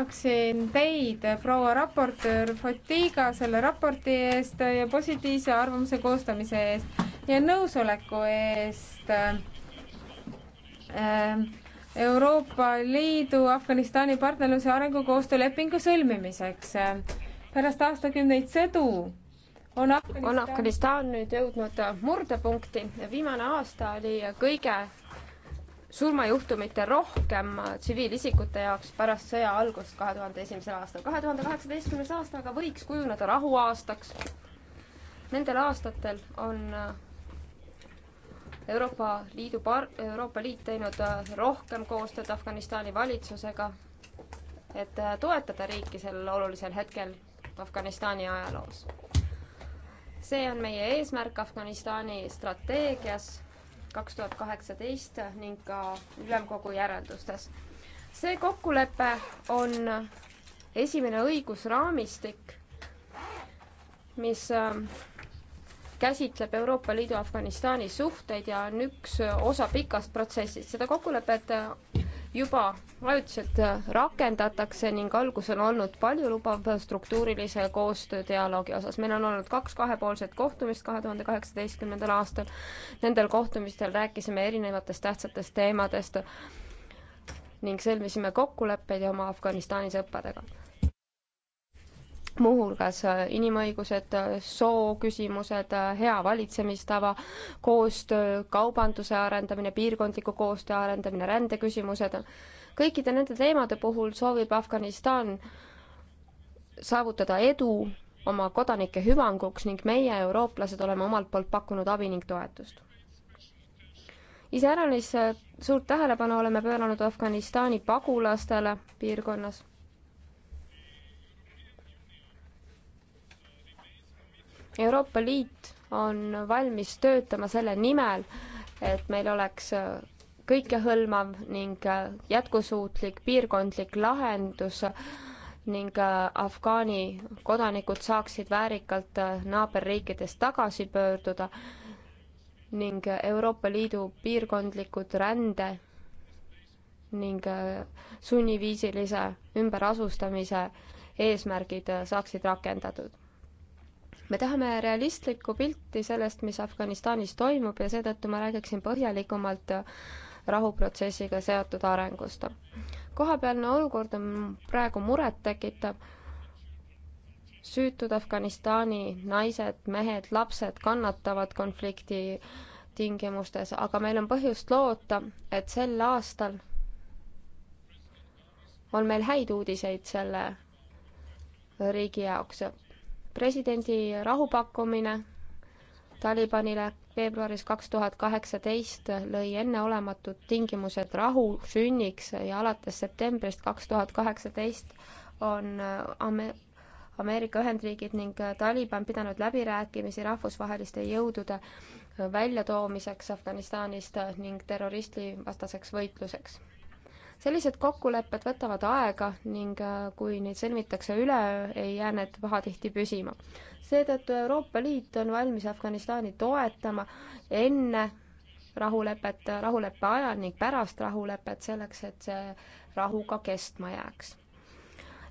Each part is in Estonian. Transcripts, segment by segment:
tänaksin teid, proua raportöör Fotiga selle raporti eest ja positiivse arvamuse koostamise eest ja nõusoleku eest ähm, Euroopa Liidu Afganistani partnerluse arengukoostöölepingu sõlmimiseks. pärast aastakümneid sõdu on Afganistan... on Afganistan nüüd jõudnud murdepunkti. viimane aasta oli kõige surmajuhtumite rohkem tsiviilisikute jaoks pärast sõja algust kahe tuhande esimesel aastal. kahe tuhande kaheksateistkümnes aasta aga võiks kujuneda rahuaastaks. Nendel aastatel on Euroopa Liidu par-, Euroopa Liit teinud rohkem koostööd Afganistani valitsusega, et toetada riiki sel olulisel hetkel Afganistani ajaloos. see on meie eesmärk Afganistani strateegias kaks tuhat kaheksateist ning ka ülemkogu järeldustes. see kokkulepe on esimene õigusraamistik, mis ähm, käsitleb Euroopa Liidu Afganistani suhteid ja on üks osa pikast protsessist. seda kokkulepet juba ajutiselt äh, rakendatakse ning algus on olnud paljulubav struktuurilise koostöö dialoogi osas. meil on olnud kaks kahepoolset kohtumist kahe tuhande kaheksateistkümnendal aastal. Nendel kohtumistel rääkisime erinevatest tähtsatest teemadest ning sõlmisime kokkuleppeid oma Afganistani sõpradega muuhulgas äh, inimõigused, äh, sooküsimused, äh, hea valitsemistava, koostöö, kaubanduse arendamine, piirkondliku koostöö arendamine, rändeküsimused. kõikide nende teemade puhul soovib Afganistan saavutada edu oma kodanike hüvanguks ning meie, eurooplased, oleme omalt poolt pakkunud abi ning toetust. iseäranis suurt tähelepanu oleme pööranud Afganistani pagulastele piirkonnas Euroopa Liit on valmis töötama selle nimel, et meil oleks äh, kõikehõlmav ning äh, jätkusuutlik piirkondlik lahendus ning äh, Afgaani kodanikud saaksid väärikalt naaberriikidest tagasi pöörduda ning Euroopa Liidu piirkondlikud rände ning sunniviisilise ümberasustamise eesmärgid saaksid rakendatud me tahame realistlikku pilti sellest, mis Afganistanis toimub ja seetõttu ma räägiksin põhjalikumalt rahuprotsessiga seotud arengust. kohapealne olukord on praegu murettekitav süütud Afganistani naised, mehed, lapsed kannatavad konflikti tingimustes, aga meil on põhjust loota, et sel aastal on meil häid uudiseid selle riigi jaoks presidendi rahupakkumine Talibanile veebruaris kaks tuhat kaheksateist lõi enneolematud tingimused rahu sünniks ja alates septembrist kaks tuhat kaheksateist on äh, Ame-, Ameerika Ühendriigid ning äh, Taliban pidanud läbirääkimisi rahvusvaheliste jõudude äh, väljatoomiseks Afganistanist ning terrorismivastaseks võitluseks sellised kokkulepped võtavad aega ning äh, kui neid sõlmitakse üleöö, ei jää need pahatihti püsima. seetõttu Euroopa Liit on valmis Afganistani toetama enne rahulepet, rahuleppe ajal ning pärast rahulepet, selleks et see rahu ka kestma jääks.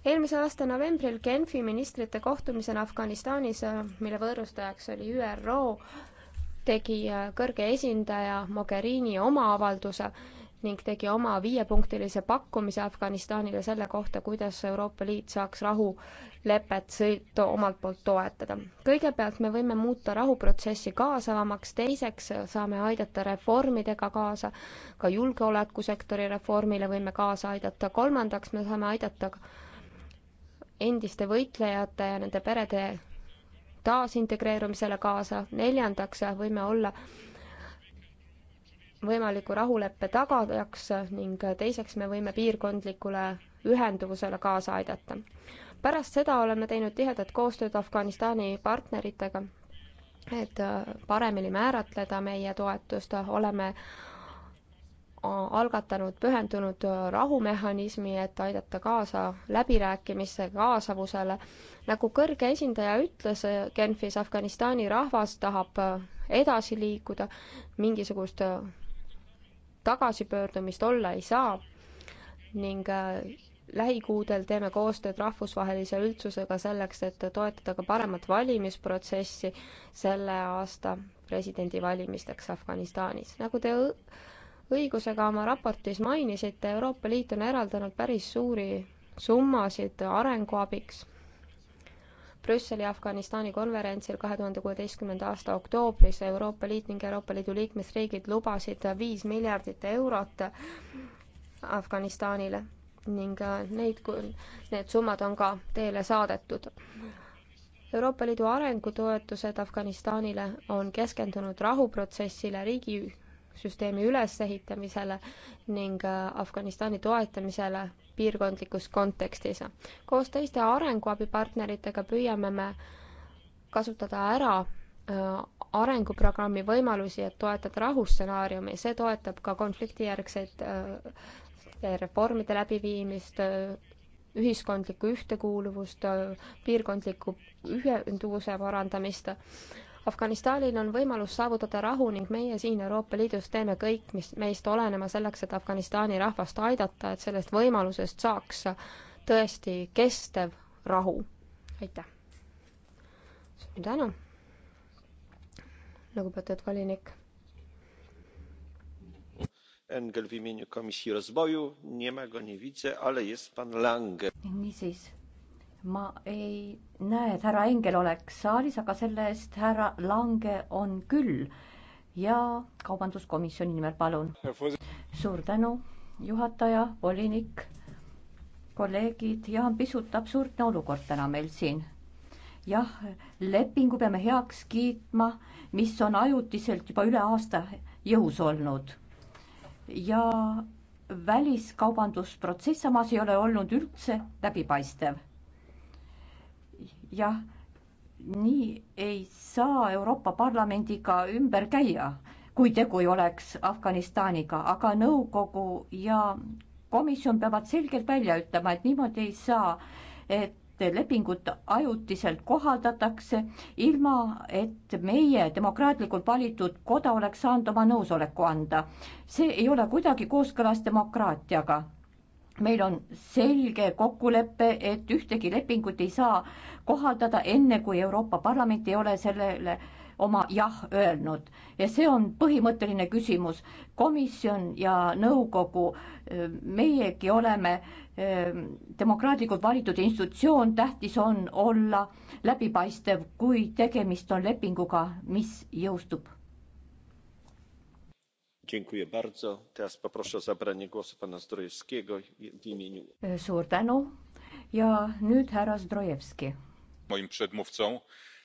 eelmise aasta novembril Genfi ministrite kohtumisel Afganistanis, äh, mille võõrustajaks oli ÜRO, tegi äh, kõrge esindaja Mogherini oma avalduse ning tegi oma viiepunktilise pakkumise Afganistanile selle kohta, kuidas Euroopa Liit saaks rahulepet sõitu omalt poolt toetada. kõigepealt me võime muuta rahuprotsessi kaasavamaks, teiseks saame aidata reformidega kaasa, ka julgeolekusektori reformile võime kaasa aidata, kolmandaks me saame aidata endiste võitlejate ja nende perede taasintegreerumisele kaasa, neljandaks võime olla võimaliku rahuleppe tagajaks ning teiseks me võime piirkondlikule ühenduvusele kaasa aidata. pärast seda oleme teinud tihedat koostööd Afganistani partneritega, et paremini määratleda meie toetust, oleme algatanud pühendunud rahumehhanismi, et aidata kaasa läbirääkimisse kaasavusele. nagu kõrge esindaja ütles Genfis, Afganistani rahvas tahab edasi liikuda, mingisugust tagasipöördumist olla ei saa ning äh, lähikuudel teeme koostööd rahvusvahelise üldsusega selleks, et toetada ka paremat valimisprotsessi selle aasta presidendivalimisteks Afganistanis. nagu te õigusega oma raportis mainisite, Euroopa Liit on eraldanud päris suuri summasid arenguabiks Brüsseli Afganistani konverentsil kahe tuhande kuueteistkümnenda aasta oktoobris Euroopa Liit ning Euroopa Liidu liikmesriigid lubasid viis miljardit eurot Afganistanile ning äh, neid, need summad on ka teele saadetud. Euroopa Liidu arengutoetused Afganistanile on keskendunud rahuprotsessile, riigi süsteemi ülesehitamisele ning äh, Afganistani toetamisele piirkondlikus kontekstis. koos teiste arenguabipartneritega püüame me kasutada ära äh, arenguprogrammi võimalusi, et toetada rahustsenaariumi, see toetab ka konfliktijärgseid äh, reformide läbiviimist, ühiskondlikku ühtekuuluvust, piirkondliku ühenduvuse parandamist Afganistanil on võimalus saavutada rahu ning meie siin Euroopa Liidus teeme kõik, mis meist olenema selleks, et Afganistani rahvast aidata, et sellest võimalusest saaks tõesti kestev rahu. aitäh! suur tänu, lugupeetud volinik. Engel w imieniu Komisji Rozwoju, nie ma go nie widzę, ale jest pan Lange. Niisiis ma ei näe, et härra Engel oleks saalis, aga selle eest härra Lange on küll. ja kaubanduskomisjoni nimel palun. suur tänu, juhataja, volinik, kolleegid ja pisut absurdne olukord täna meil siin. jah, lepingu peame heaks kiitma, mis on ajutiselt juba üle aasta jõus olnud. ja väliskaubandusprotsess samas ei ole olnud üldse läbipaistev jah, nii ei saa Euroopa Parlamendiga ümber käia, kui tegu ei oleks Afganistaniga, aga nõukogu ja komisjon peavad selgelt välja ütlema, et niimoodi ei saa, et lepingut ajutiselt kohaldatakse, ilma et meie demokraatlikult valitud koda oleks saanud oma nõusoleku anda. see ei ole kuidagi kooskõlas demokraatiaga meil on selge kokkulepe, et ühtegi lepingut ei saa kohaldada enne, kui Euroopa Parlament ei ole sellele oma jah öelnud ja see on põhimõtteline küsimus. komisjon ja nõukogu, meiegi oleme ehm, demokraatlikult valitud institutsioon, tähtis on olla läbipaistev, kui tegemist on lepinguga, mis jõustub suur e, tänu ja nüüd härra Zdrojevski. moim przedmówcą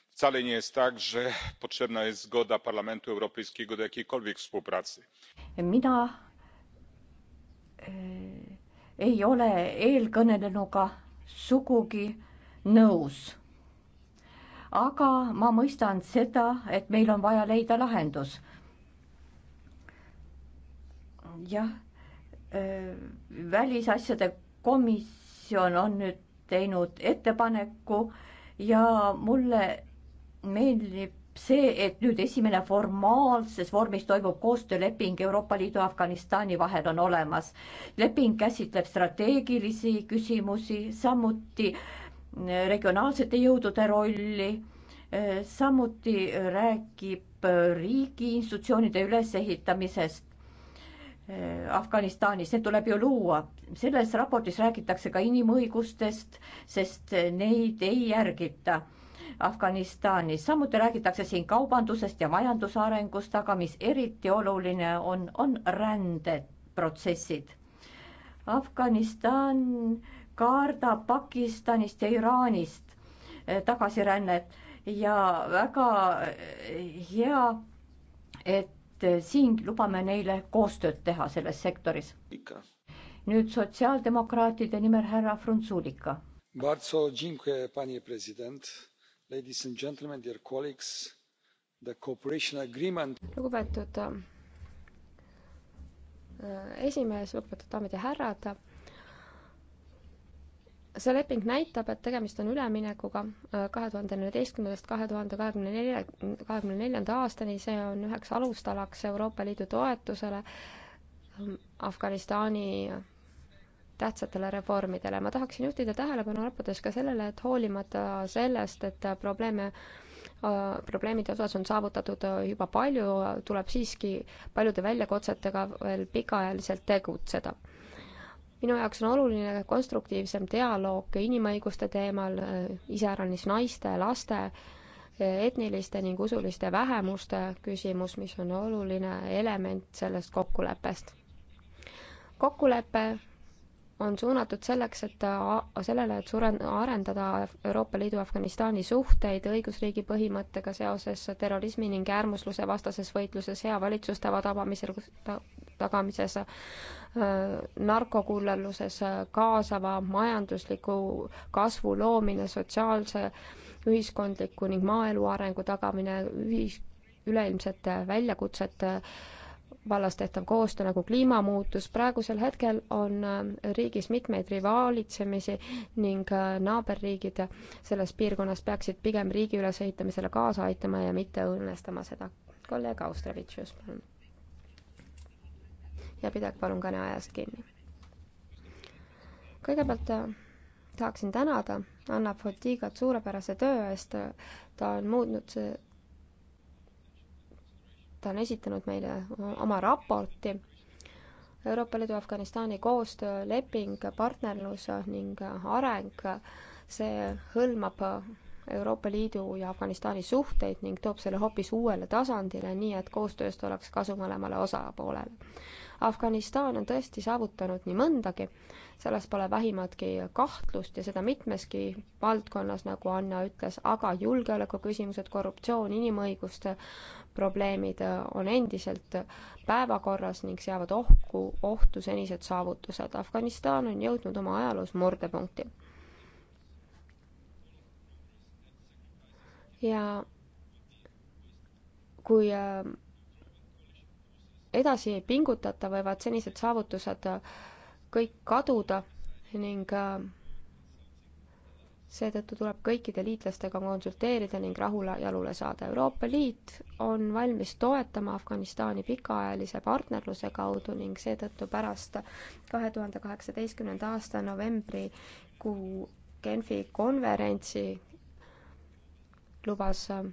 wcale nie jest tak że potrzebna jest zgoda parlamentu europejskiego do jakiejkolwiek współpracy. mina e, ei ole eelkõnelenuga sugugi nõus. aga ma mõistan seda, et meil on vaja leida lahendus jah, välisasjade komisjon on nüüd teinud ettepaneku ja mulle meeldib see, et nüüd esimene formaalses vormis toimub koostööleping Euroopa Liidu ja Afganistani vahel on olemas. leping käsitleb strateegilisi küsimusi, samuti regionaalsete jõudude rolli, samuti räägib riigi institutsioonide ülesehitamisest Eh, Afganistanis, need tuleb ju luua. selles raportis räägitakse ka inimõigustest, sest neid ei järgita Afganistanis. samuti räägitakse siin kaubandusest ja majanduse arengust, aga mis eriti oluline on, on rändeprotsessid. Afganistan kaardab Pakistanist ja Iraanist eh, tagasirännet ja väga eh, hea, et Eh, siin lubame neile koostööd teha selles sektoris. nüüd sotsiaaldemokraatide nimel härra Frunzulika. lugupeetud eh, esimees, lugupeetud daamid ja härrad see leping näitab, et tegemist on üleminekuga äh, kahe tuhande neljateistkümnendast kahe tuhande kahekümne nelja, kahekümne neljanda aastani, see on üheks alustalaks Euroopa Liidu toetusele ähm, Afganistani tähtsatele reformidele. ma tahaksin juhtida tähelepanu lõppudes ka sellele, et hoolimata sellest, et probleeme äh, probleemide osas on saavutatud äh, juba palju, tuleb siiski paljude väljakutsetega veel pikaajaliselt tegutseda minu jaoks on oluline konstruktiivsem dialoog inimõiguste teemal, äh, iseäranis naiste, laste, äh, etniliste ning usuliste vähemuste küsimus, mis on oluline element sellest kokkuleppest. kokkulepe on suunatud selleks, et sellele, et suren-, arendada Euroopa Liidu Afganistani suhteid õigusriigi põhimõttega seoses terrorismi ning äärmusluse vastases võitluses hea valitsustava tabamisel, tagamises, äh, narkokullerluses, äh, kaasava majandusliku kasvu loomine, sotsiaalse, ühiskondliku ning maaelu arengu tagamine, ühis-, üleilmsete väljakutsete vallas tehtav koostöö nagu kliimamuutus, praegusel hetkel on äh, riigis mitmeid rivaalitsemisi ning naaberriigid selles piirkonnas peaksid pigem riigi ülesehitamisele kaasa aitama ja mitte õõnestama seda. kolleeg Austrevitšus, palun ja pidage palun kõneajast kinni. kõigepealt äh, tahaksin tänada Anna Fotigat suurepärase töö eest, ta on muutnud, ta on esitanud meile äh, oma raporti Euroopa Liidu Afganistani koostööleping, partnerlus ning areng, see hõlmab Euroopa Liidu ja Afganistani suhteid ning toob selle hoopis uuele tasandile, nii et koostööst oleks kasu mõlemale osapoolele. Afganistan on tõesti saavutanud nii mõndagi, selles pole vähimatki kahtlust ja seda mitmeski valdkonnas, nagu Anna ütles, aga julgeolekuküsimused, korruptsioon, inimõiguste probleemid on endiselt päevakorras ning seavad ohku, ohtu senised saavutused. Afganistan on jõudnud oma ajaloos murdepunkti ja kui äh, edasi ei pingutata, võivad senised saavutused äh, kõik kaduda ning äh, seetõttu tuleb kõikide liitlastega konsulteerida ning rahule jalule saada. Euroopa Liit on valmis toetama Afganistani pikaajalise partnerluse kaudu ning seetõttu pärast kahe tuhande kaheksateistkümnenda aasta novembrikuu Genfi konverentsi lubas äh,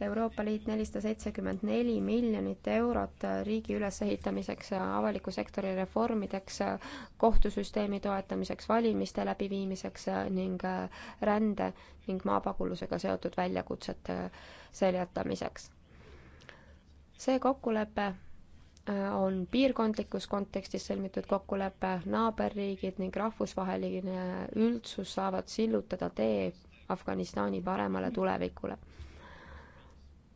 Euroopa Liit nelisada seitsekümmend neli miljonit eurot äh, riigi ülesehitamiseks, äh, avaliku sektori reformideks, kohtusüsteemi toetamiseks, valimiste läbiviimiseks ning rände ning maapagulusega seotud väljakutsete seljatamiseks. see kokkulepe on piirkondlikus kontekstis sõlmitud kokkulepe, naaberriigid ning rahvusvaheline üldsus saavad sillutada tee Afganistani paremale tulevikule.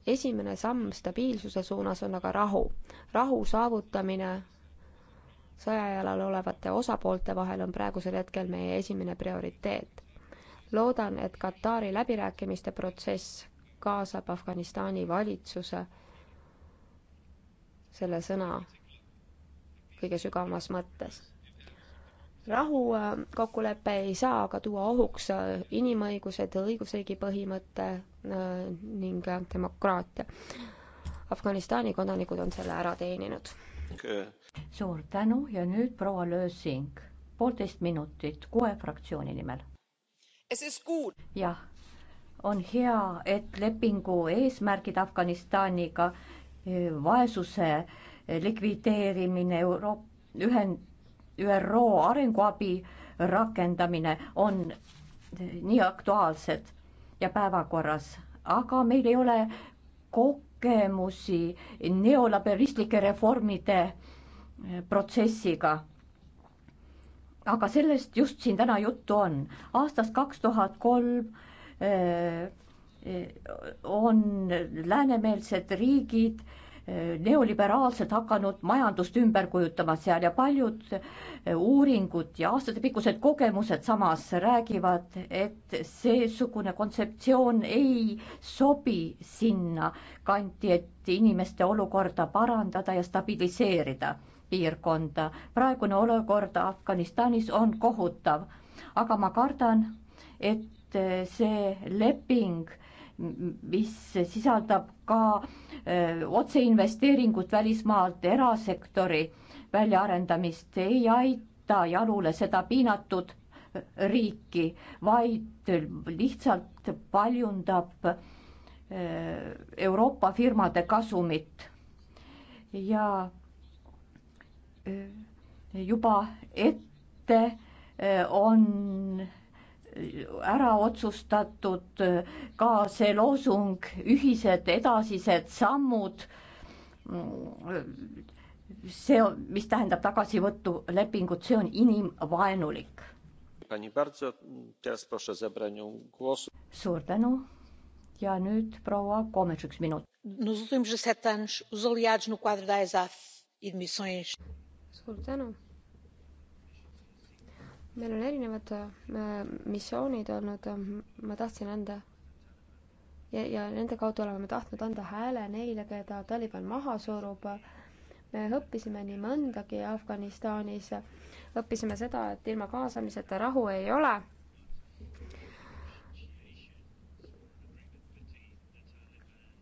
esimene samm stabiilsuse suunas on aga rahu. rahu saavutamine sõjajalal olevate osapoolte vahel on praegusel hetkel meie esimene prioriteet. loodan, et Katari läbirääkimiste protsess kaasab Afganistani valitsuse selle sõna kõige sügavamas mõttes rahukokkulepe ei saa aga tuua ohuks äh, inimõigused, õigusriigi põhimõte äh, ning äh, demokraatia. Afganistani kodanikud on selle ära teeninud okay.. suur tänu ja nüüd proua Lösing, poolteist minutit kuue fraktsiooni nimel. jah, on hea, et lepingu eesmärgid Afganistaniga, vaesuse likvideerimine, Euroopa ühend-, ÜRO arenguabi rakendamine on nii aktuaalsed ja päevakorras, aga meil ei ole kogemusi neolaberistlike reformide eh, protsessiga. aga sellest just siin täna juttu on. aastast kaks tuhat kolm eh, eh, on läänemeelsed riigid äh, neoliberaalselt hakanud majandust ümber kujutama seal ja paljud eh, uuringud ja aastatepikkused kogemused samas räägivad, et seesugune kontseptsioon ei sobi sinna kanti, et inimeste olukorda parandada ja stabiliseerida piirkonda. praegune olukord Afganistanis on kohutav, aga ma kardan, et eh, see leping mis sisaldab ka äh, otseinvesteeringut välismaalt erasektori väljaarendamist, ei aita jalule seda piinatud äh, riiki, vaid lihtsalt paljundab äh, Euroopa firmade kasumit ja juba ette on ära otsustatud ka see loosung ühised edasised sammud. see, mis tähendab tagasivõttu lepingut, see on inimvaenulik. suur tänu ja nüüd proua Koomets, üks minut. E suur tänu meil on erinevad äh, missioonid olnud, äh, ma tahtsin anda ja, ja nende kaudu oleme tahtnud anda hääle neile, keda Taliban maha surub. me õppisime nii mõndagi Afganistanis, õppisime seda, et ilma kaasamiseta rahu ei ole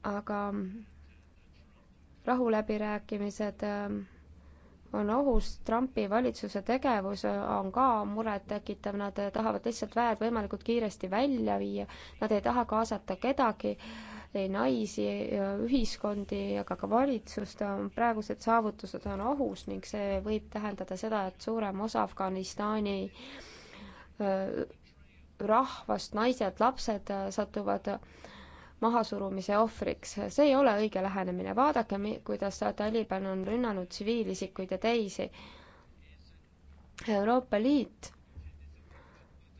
aga rahuläbirääkimised äh, on ohus, Trumpi valitsuse tegevus on ka murettekitav, nad tahavad lihtsalt väed võimalikult kiiresti välja viia, nad ei taha kaasata kedagi, ei naisi, ühiskondi ega ka valitsust, praegused saavutused on ohus ning see võib tähendada seda, et suurem osa Afganistani äh, rahvast, naised, lapsed satuvad mahasurumise ohvriks. see ei ole õige lähenemine, vaadake, kuidas Taliban on rünnanud tsiviilisikuid ja teisi. Euroopa Liit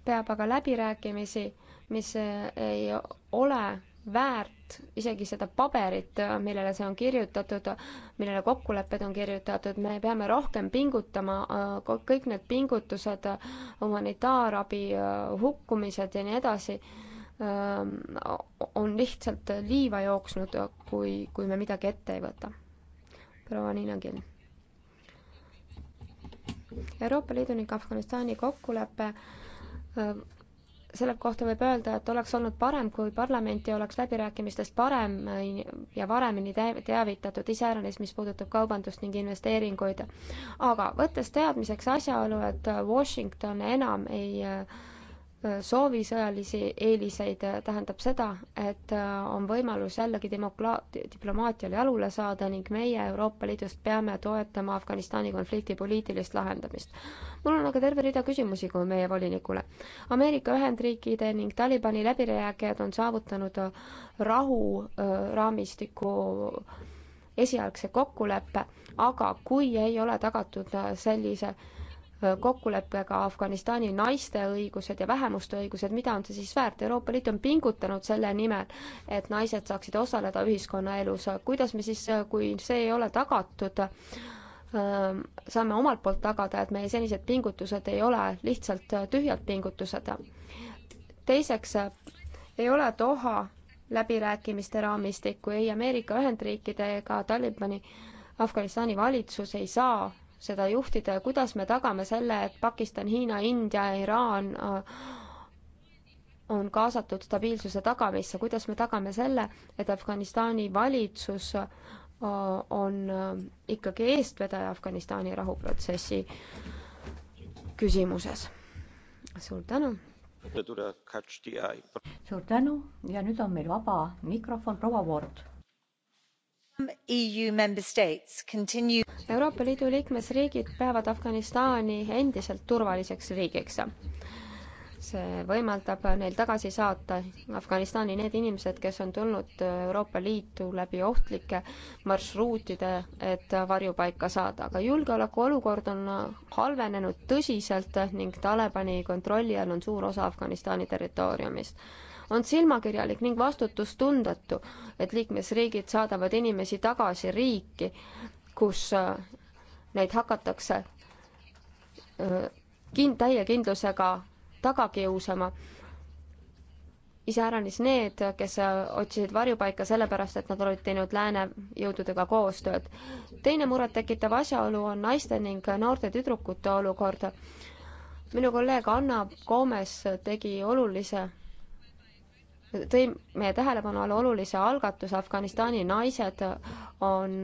peab aga läbirääkimisi, mis ei ole väärt isegi seda paberit, millele see on kirjutatud, millele kokkulepped on kirjutatud, me peame rohkem pingutama, kõik need pingutused, humanitaarabi hukkumised ja nii edasi on lihtsalt liiva jooksnud, kui, kui me midagi ette ei võta. proua Niina Kill. Euroopa Liidu ning Afganistani kokkulepe selle kohta võib öelda, et oleks olnud parem, kui parlamenti oleks läbirääkimistest parem äh, ja varemini teavitatud iseäranis, mis puudutab kaubandust ning investeeringuid. aga võttes teadmiseks asjaolu, et Washington enam ei äh, soovi sõjalisi eeliseid, tähendab seda, et äh, on võimalus jällegi demokraat-, diplomaatial jalule saada ning meie Euroopa Liidust peame toetama Afganistani konflikti poliitilist lahendamist. mul on aga terve rida küsimusi kui meie volinikule. Ameerika Ühendriikide ning Talibani läbirääkijad on saavutanud äh, rahuraamistiku äh, esialgse kokkuleppe, aga kui ei ole tagatud sellise kokkuleppega Afganistani naiste õigused ja vähemuste õigused, mida on see siis väärt? Euroopa Liit on pingutanud selle nimel, et naised saaksid osaleda ühiskonnaelus. kuidas me siis, kui see ei ole tagatud, ähm, saame omalt poolt tagada, et meie senised pingutused ei ole lihtsalt tühjad pingutused? teiseks, ei ole Doha läbirääkimiste raamistikku ei Ameerika Ühendriikide ega Talibani Afganistani valitsus ei saa seda juhtida ja kuidas me tagame selle, et Pakistan, Hiina, India, Iraan äh, on kaasatud stabiilsuse tagamisse, kuidas me tagame selle, et Afganistani valitsus äh, on äh, ikkagi eestvedaja Afganistani rahuprotsessi küsimuses. suur tänu. suur tänu ja nüüd on meil vaba mikrofon, proua Ward E euroopa liidu liikmesriigid peavad afganistani endiselt turvaliseks riigiks see võimaldab neil tagasi saata afganistani need inimesed kes on tulnud euroopa liitu läbi ohtlike marsruutide et varjupaika saada aga julgeolekuolukord on halvenenud tõsiselt ning talibani kontrolli all on suur osa afganistani territooriumist on silmakirjalik ning vastutustundetu, et liikmesriigid saadavad inimesi tagasi riiki, kus äh, neid hakatakse äh, kin-, täie kindlusega taga kiusama. iseäranis need, kes äh, otsisid varjupaika sellepärast, et nad olid teinud lääne jõududega koostööd. teine murettekitav asjaolu on naiste ning noorte tüdrukute olukord. minu kolleeg Anna Koomes tegi olulise tõi meie tähelepanu alla olulise algatuse, Afganistani naised on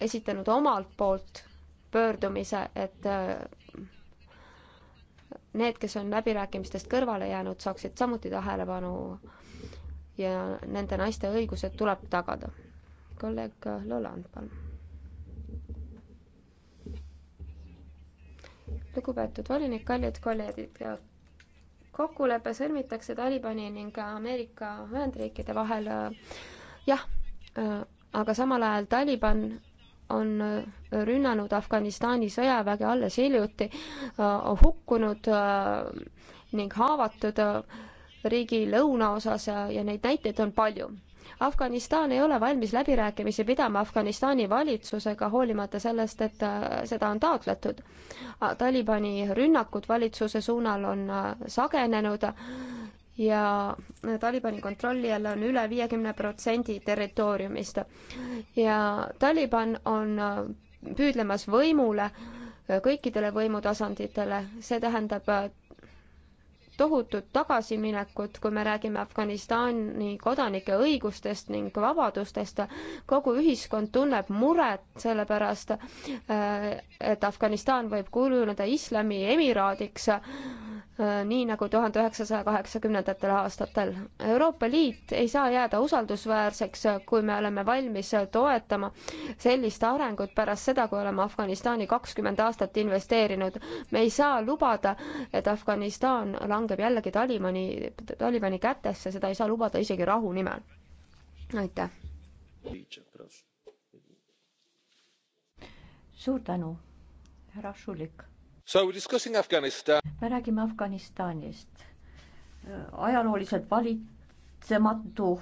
esitanud omalt poolt pöördumise, et äh, need, kes on läbirääkimistest kõrvale jäänud, saaksid samuti tähelepanu ja nende naiste õigused tuleb tagada. kolleeg Loland, palun. lugupeetud volinik, kallid kolleegid ja kokkulepe sõlmitakse Talibani ning Ameerika Ühendriikide vahel jah, aga samal ajal Taliban on rünnanud Afganistani sõjaväge alles hiljuti, hukkunud ning haavatud riigi lõunaosas ja neid näiteid on palju Afganistan ei ole valmis läbirääkimisi pidama Afganistani valitsusega, hoolimata sellest, et äh, seda on taotletud. Talibani rünnakud valitsuse suunal on äh, sagenenud ja Talibani kontrolli all on üle viiekümne protsendi territooriumist. ja Taliban on äh, püüdlemas võimule kõikidele võimutasanditele, see tähendab tohutut tagasiminekut, kui me räägime Afganistani kodanike õigustest ning vabadustest. kogu ühiskond tunneb muret selle pärast, äh, et Afganistan võib kujuneda islami emiraadiks Äh, nii nagu tuhande üheksasaja kaheksakümnendatel aastatel. Euroopa Liit ei saa jääda usaldusväärseks, äh, kui me oleme valmis äh, toetama sellist arengut pärast seda, kui oleme Afganistani kakskümmend aastat investeerinud. me ei saa lubada, et Afganistan langeb jällegi Talibani, Talibani kätesse, seda ei saa lubada isegi rahu nimel. aitäh. suur tänu, härra Šulik me räägime Afganistanist. Äh, ajalooliselt valitsematu,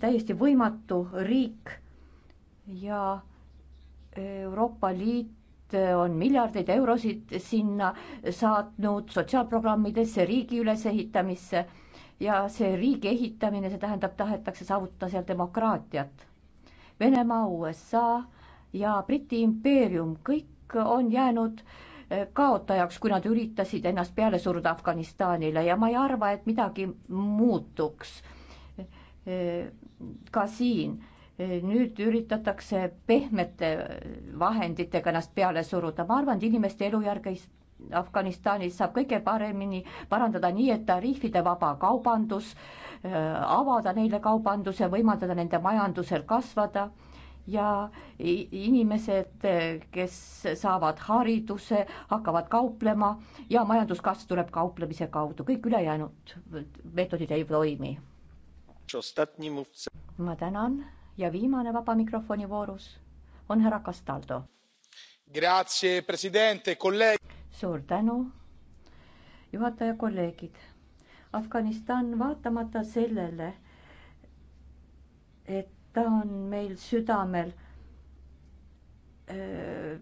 täiesti võimatu riik ja Euroopa Liit on miljardeid eurosid sinna saatnud sotsiaalprogrammidesse, riigi ülesehitamisse ja see riigi ehitamine, see tähendab, tahetakse saavutada seal demokraatiat. Venemaa, USA ja Briti impeerium, kõik on jäänud äh, kaotajaks, kui nad üritasid ennast peale suruda Afganistanile ja ma ei arva, et midagi muutuks e, ka siin. E, nüüd üritatakse pehmete vahenditega ennast peale suruda, ma arvan, et inimeste elujärge Afganistanis saab kõige paremini parandada nii, et tariifide vaba kaubandus, e, avada neile kaubanduse, võimaldada nende majandusel kasvada ja inimesed, kes saavad hariduse, hakkavad kauplema ja majanduskasv tuleb kauplemise kaudu, kõik ülejäänud meetodid ei toimi. ma tänan ja viimane vaba mikrofoni voorus on härra Castaldo. suur tänu, juhataja, kolleegid. Afganistan vaatamata sellele, et ta on meil südamel.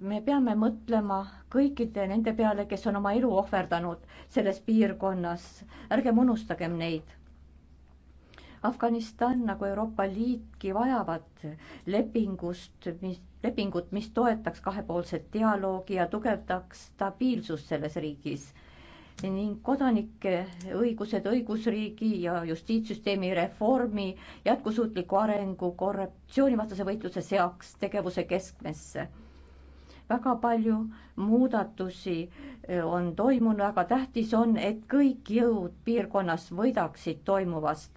me peame mõtlema kõikide nende peale, kes on oma elu ohverdanud selles piirkonnas, ärgem unustagem neid. Afganistan nagu Euroopa Liitki vajavad lepingust, mis, lepingut, mis toetaks kahepoolset dialoogi ja tugevdaks stabiilsust selles riigis ning kodanike õigused õigusriigi ja justiitssüsteemi reformi, jätkusuutliku arengu, korruptsioonivastase võitluse seaks tegevuse keskmesse. väga palju muudatusi eh, on toimunud, aga tähtis on, et kõik jõud piirkonnas võidaksid toimuvast.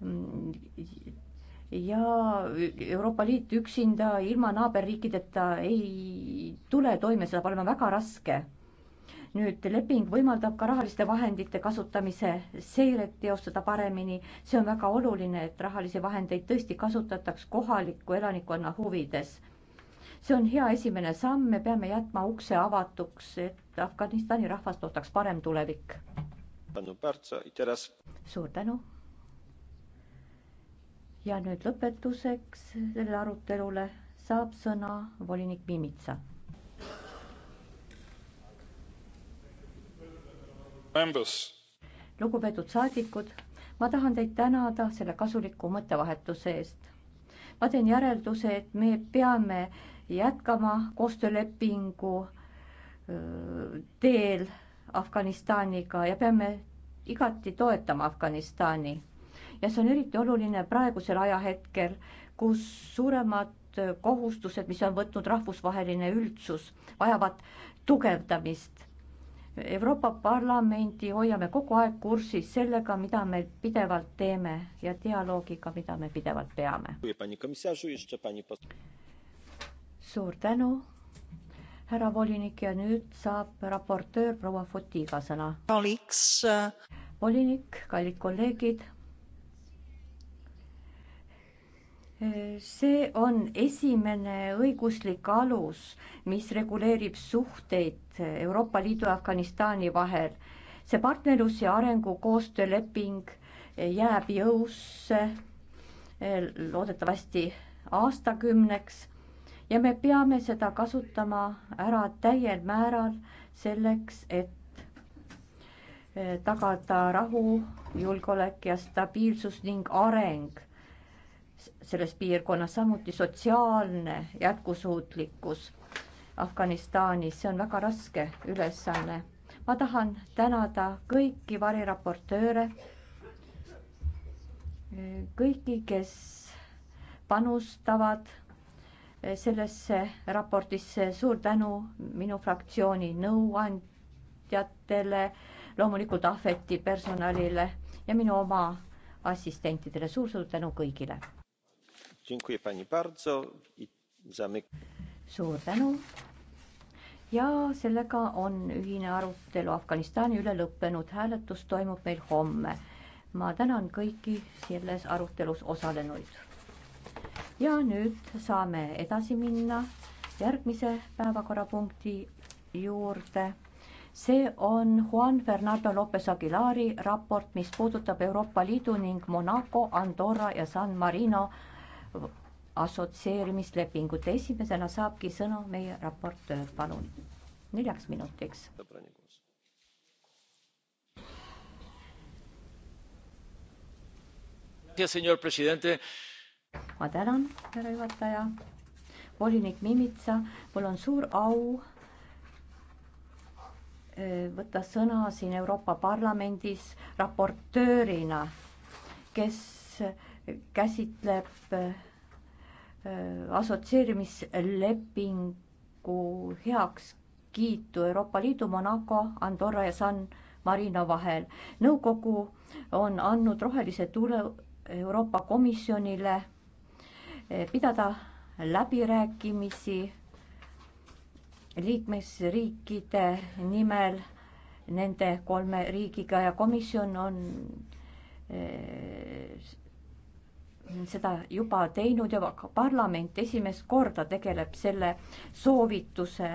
Mm, ja Euroopa Liit üksinda ilma naaberriikideta ei tule toime, seda pole väga raske nüüd leping võimaldab ka rahaliste vahendite kasutamise seiret teostada paremini. see on väga oluline, et rahalisi vahendeid tõesti kasutataks kohaliku elanikkonna huvides. see on hea esimene samm, me peame jätma ukse avatuks, et Afganistani rahvast ootaks parem tulevik. suur tänu. ja nüüd lõpetuseks sellele arutelule saab sõna volinik Mimitsa lugupeetud saadikud, ma tahan teid tänada selle kasuliku mõttevahetuse eest. ma teen järelduse, et me peame jätkama koostöölepingu teel Afganistaniga ja peame igati toetama Afganistani. ja see on eriti oluline praegusel ajahetkel, kus suuremad kohustused, mis on võtnud rahvusvaheline üldsus, vajavad tugevdamist Euroopa Parlamendi hoiame kogu aeg kursis sellega, mida me pidevalt teeme ja dialoogiga, mida me pidevalt peame. suur tänu, härra volinik ja nüüd saab raportöör proua Fotiga sõna. Äh, volinik, kallid kolleegid see on esimene õiguslik alus, mis reguleerib suhteid Euroopa Liidu ja Afganistani vahel. see partnerlus ja arengukoostööleping jääb jõusse eh, loodetavasti aastakümneks ja me peame seda kasutama ära täiel määral selleks, et eh, tagada rahu, julgeolek ja stabiilsus ning areng selles piirkonnas, samuti sotsiaalne jätkusuutlikkus Afganistanis, see on väga raske ülesanne. ma tahan tänada kõiki variraportööre, kõiki, kes panustavad sellesse raportisse, suur tänu minu fraktsiooni nõuandjatele, loomulikult Ahveti personalile ja minu oma assistentidele suur,, suur-suur tänu kõigile! suur tänu. ja sellega on ühine arutelu Afganistani üle lõppenud, hääletus toimub meil homme. ma tänan kõiki selles arutelus osalenuid. ja nüüd saame edasi minna järgmise päevakorrapunkti juurde see on Juan Fernando Lopez Aguilari raport, mis puudutab Euroopa Liidu ning Monaco, Andorra ja San Marino assotsieerimislepingut. esimesena saabki sõna meie raportöör, palun, neljaks minutiks. ma tänan, härra juhataja. volinik Mimitsa, mul on suur au eh, võtta sõna siin Euroopa Parlamendis raportöörina, kes käsitleb eh, Äh, assotsieerimislepingu heakskiitu Euroopa Liidu, Monaco, Andorra ja San Marino vahel. nõukogu on andnud rohelise tule Euroopa Komisjonile äh, pidada läbirääkimisi liikmesriikide nimel nende kolme riigiga ja komisjon on äh, seda juba teinud ja ka parlament esimest korda tegeleb selle soovituse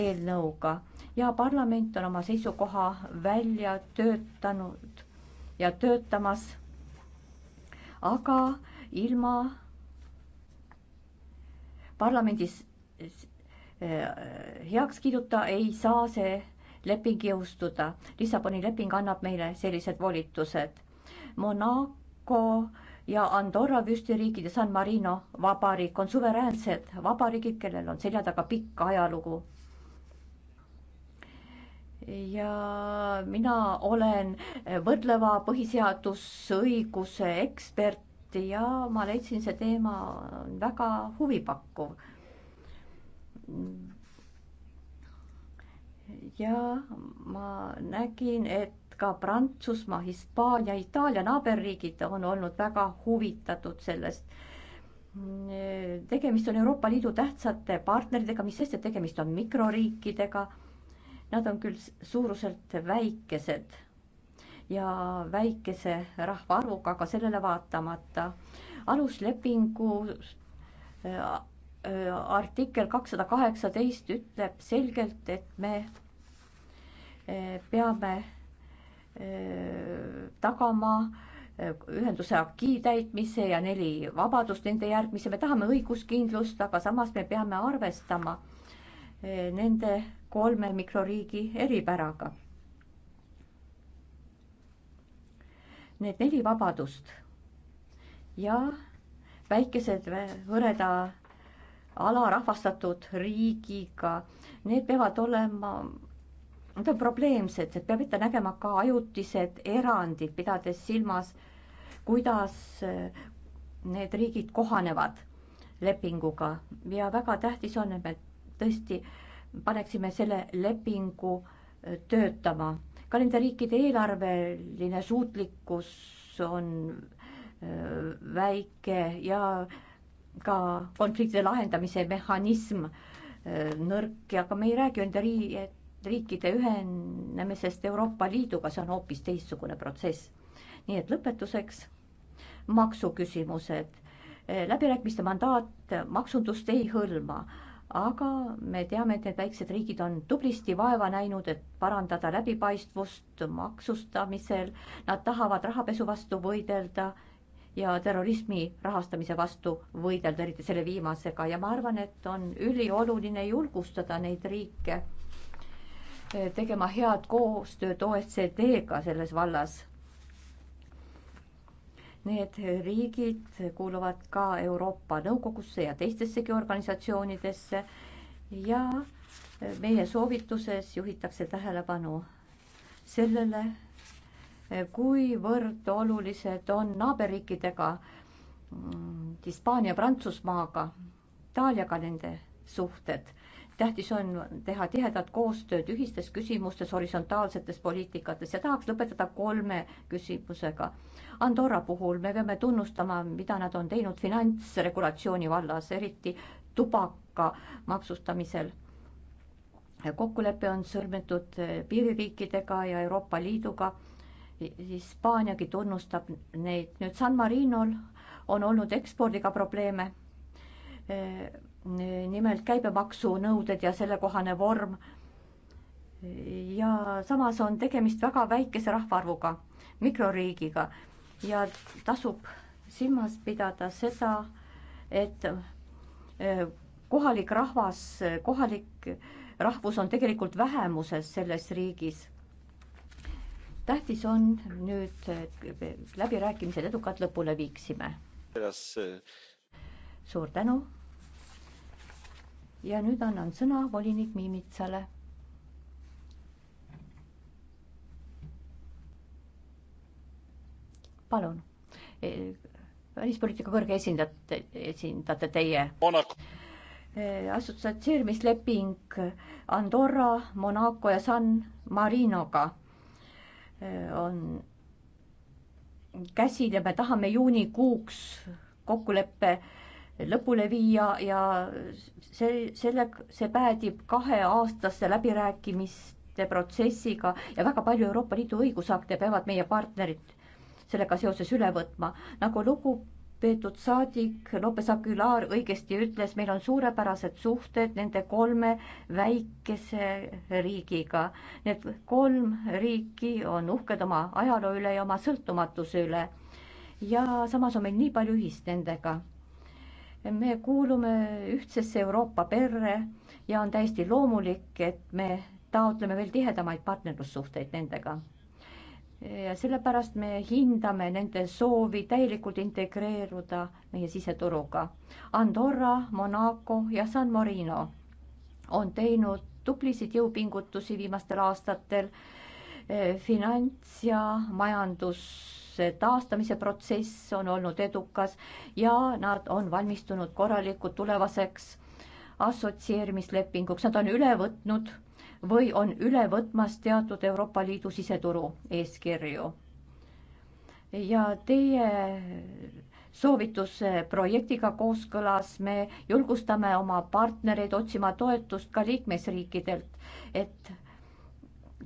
eelnõuga ja parlament on oma seisukoha välja töötanud ja töötamas, aga ilma parlamendis eh, heaks kiiduta ei saa see leping jõustuda. Lissaboni leping annab meile sellised volitused. Monaco ja Andorra vüstiriigid ja San Marino vabariik on suveräänsed vabariigid, kellel on selja taga pikk ajalugu. ja mina olen võrdleva põhiseadusõiguse ekspert ja ma leidsin, see teema on väga huvipakkuv. ja ma nägin, et ka Prantsusmaa, Hispaania, Itaalia naaberriigid on olnud väga huvitatud sellest. tegemist on Euroopa Liidu tähtsate partneritega, mis sest, et tegemist on mikroriikidega. Nad on küll suuruselt väikesed ja väikese rahvaarvuga, aga sellele vaatamata aluslepingu äh, äh, artikkel kakssada kaheksateist ütleb selgelt, et me äh, peame Eh, tagama eh, ühenduse akii täitmise ja neli vabadust nende järgmise, me tahame õiguskindlust, aga samas me peame arvestama eh, nende kolme mikroriigi eripäraga. Need neli vabadust ja väikesed hõreda alarahvastatud riigiga, need peavad olema Need on probleemsed, et peab ette nägema ka ajutised erandid, pidades silmas, kuidas äh, need riigid kohanevad lepinguga ja väga tähtis on, et me tõesti paneksime selle lepingu äh, töötama. ka nende riikide eelarveline suutlikkus on äh, väike ja ka konfliktide lahendamise mehhanism nõrk ja ka me ei räägi nende riie-, riikide ühenemisest Euroopa Liiduga, see on hoopis teistsugune protsess. nii et lõpetuseks maksuküsimused. Eh, läbirääkimiste mandaat maksundust ei hõlma, aga me teame, et need väiksed riigid on tublisti vaeva näinud, et parandada läbipaistvust maksustamisel. Nad tahavad rahapesu vastu võidelda ja terrorismi rahastamise vastu võidelda, eriti selle viimasega ja ma arvan, et on ülioluline julgustada neid riike Eh, tegema head koostööd OECD-ga selles vallas. Need riigid kuuluvad ka Euroopa Nõukogusse ja teistessegi organisatsioonidesse ja meie soovituses juhitakse tähelepanu sellele, kuivõrd olulised on naaberriikidega, mm, Hispaania, Prantsusmaaga, Itaaliaga nende suhted tähtis on teha tihedat koostööd ühistes küsimustes, horisontaalsetes poliitikates ja tahaks lõpetada kolme küsimusega. Andorra puhul me peame tunnustama, mida nad on teinud finantsregulatsiooni vallas, eriti tubaka maksustamisel. kokkulepe on sõlmitud piiririikidega ja Euroopa Liiduga. Hispaaniagi tunnustab neid. nüüd San Marinol on olnud ekspordiga probleeme nimelt käibemaksunõuded ja sellekohane vorm. ja samas on tegemist väga väikese rahvaarvuga, mikroriigiga ja tasub silmas pidada seda, et eh, kohalik rahvas, kohalik rahvus on tegelikult vähemuses selles riigis. tähtis on nüüd, et läbirääkimised edukalt lõpule viiksime. Eh, suur tänu ja nüüd annan sõna volinik Miimitsale. palun, e, välispoliitika kõrge esindajate, esindate teie. E, assotsieerimisleping Andorra, Monaco ja San Marinoga e, on käsil ja me tahame juunikuuks kokkuleppe lõpule viia ja see, selle, see päädib kaheaastaste läbirääkimiste protsessiga ja väga palju Euroopa Liidu õigusakte peavad meie partnerid sellega seoses üle võtma. nagu lugupeetud saadik Lopes Aguilar õigesti ütles, meil on suurepärased suhted nende kolme väikese riigiga. Need kolm riiki on uhked oma ajaloo üle ja oma sõltumatuse üle. ja samas on meil nii palju ühist nendega me kuulume ühtsesse Euroopa perre ja on täiesti loomulik, et me taotleme veel tihedamaid partnerlussuhteid nendega. ja sellepärast me hindame nende soovi täielikult integreeruda meie siseturuga. Andorra, Monaco ja San Marino on teinud tublisid jõupingutusi viimastel aastatel eh, finants- ja majandus majanduse taastamise protsess on olnud edukas ja nad on valmistunud korralikult tulevaseks assotsieerimislepinguks, nad on üle võtnud või on üle võtmas teatud Euroopa Liidu siseturu eeskirju. ja teie soovituse projektiga kooskõlas me julgustame oma partnereid otsima toetust ka liikmesriikidelt, et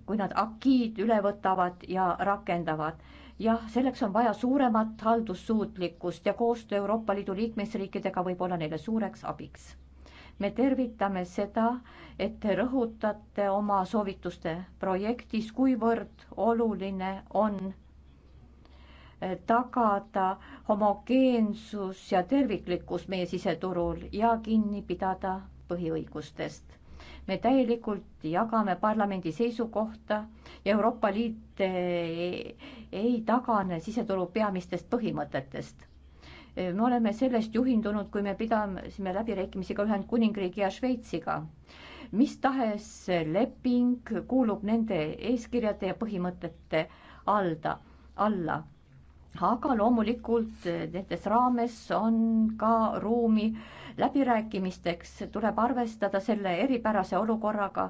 kui nad akiid üle võtavad ja rakendavad jah, selleks on vaja suuremat haldussuutlikkust ja koostöö Euroopa Liidu liikmesriikidega võib olla neile suureks abiks. me tervitame seda, et te rõhutate oma soovituste projektis, kuivõrd oluline on eh, tagada homogeensus ja terviklikkus meie siseturul ja kinni pidada põhiõigustest me täielikult jagame parlamendi seisukohta ja Euroopa Liit ei, eh, ei tagane siseturu peamistest põhimõtetest me oleme sellest juhindunud, kui me pidasime läbirääkimisi ka Ühendkuningriigi ja Šveitsiga. mis tahes leping kuulub nende eeskirjade ja põhimõtete alda, alla. aga loomulikult nendes raames on ka ruumi äh, läbirääkimisteks tuleb arvestada selle eripärase olukorraga,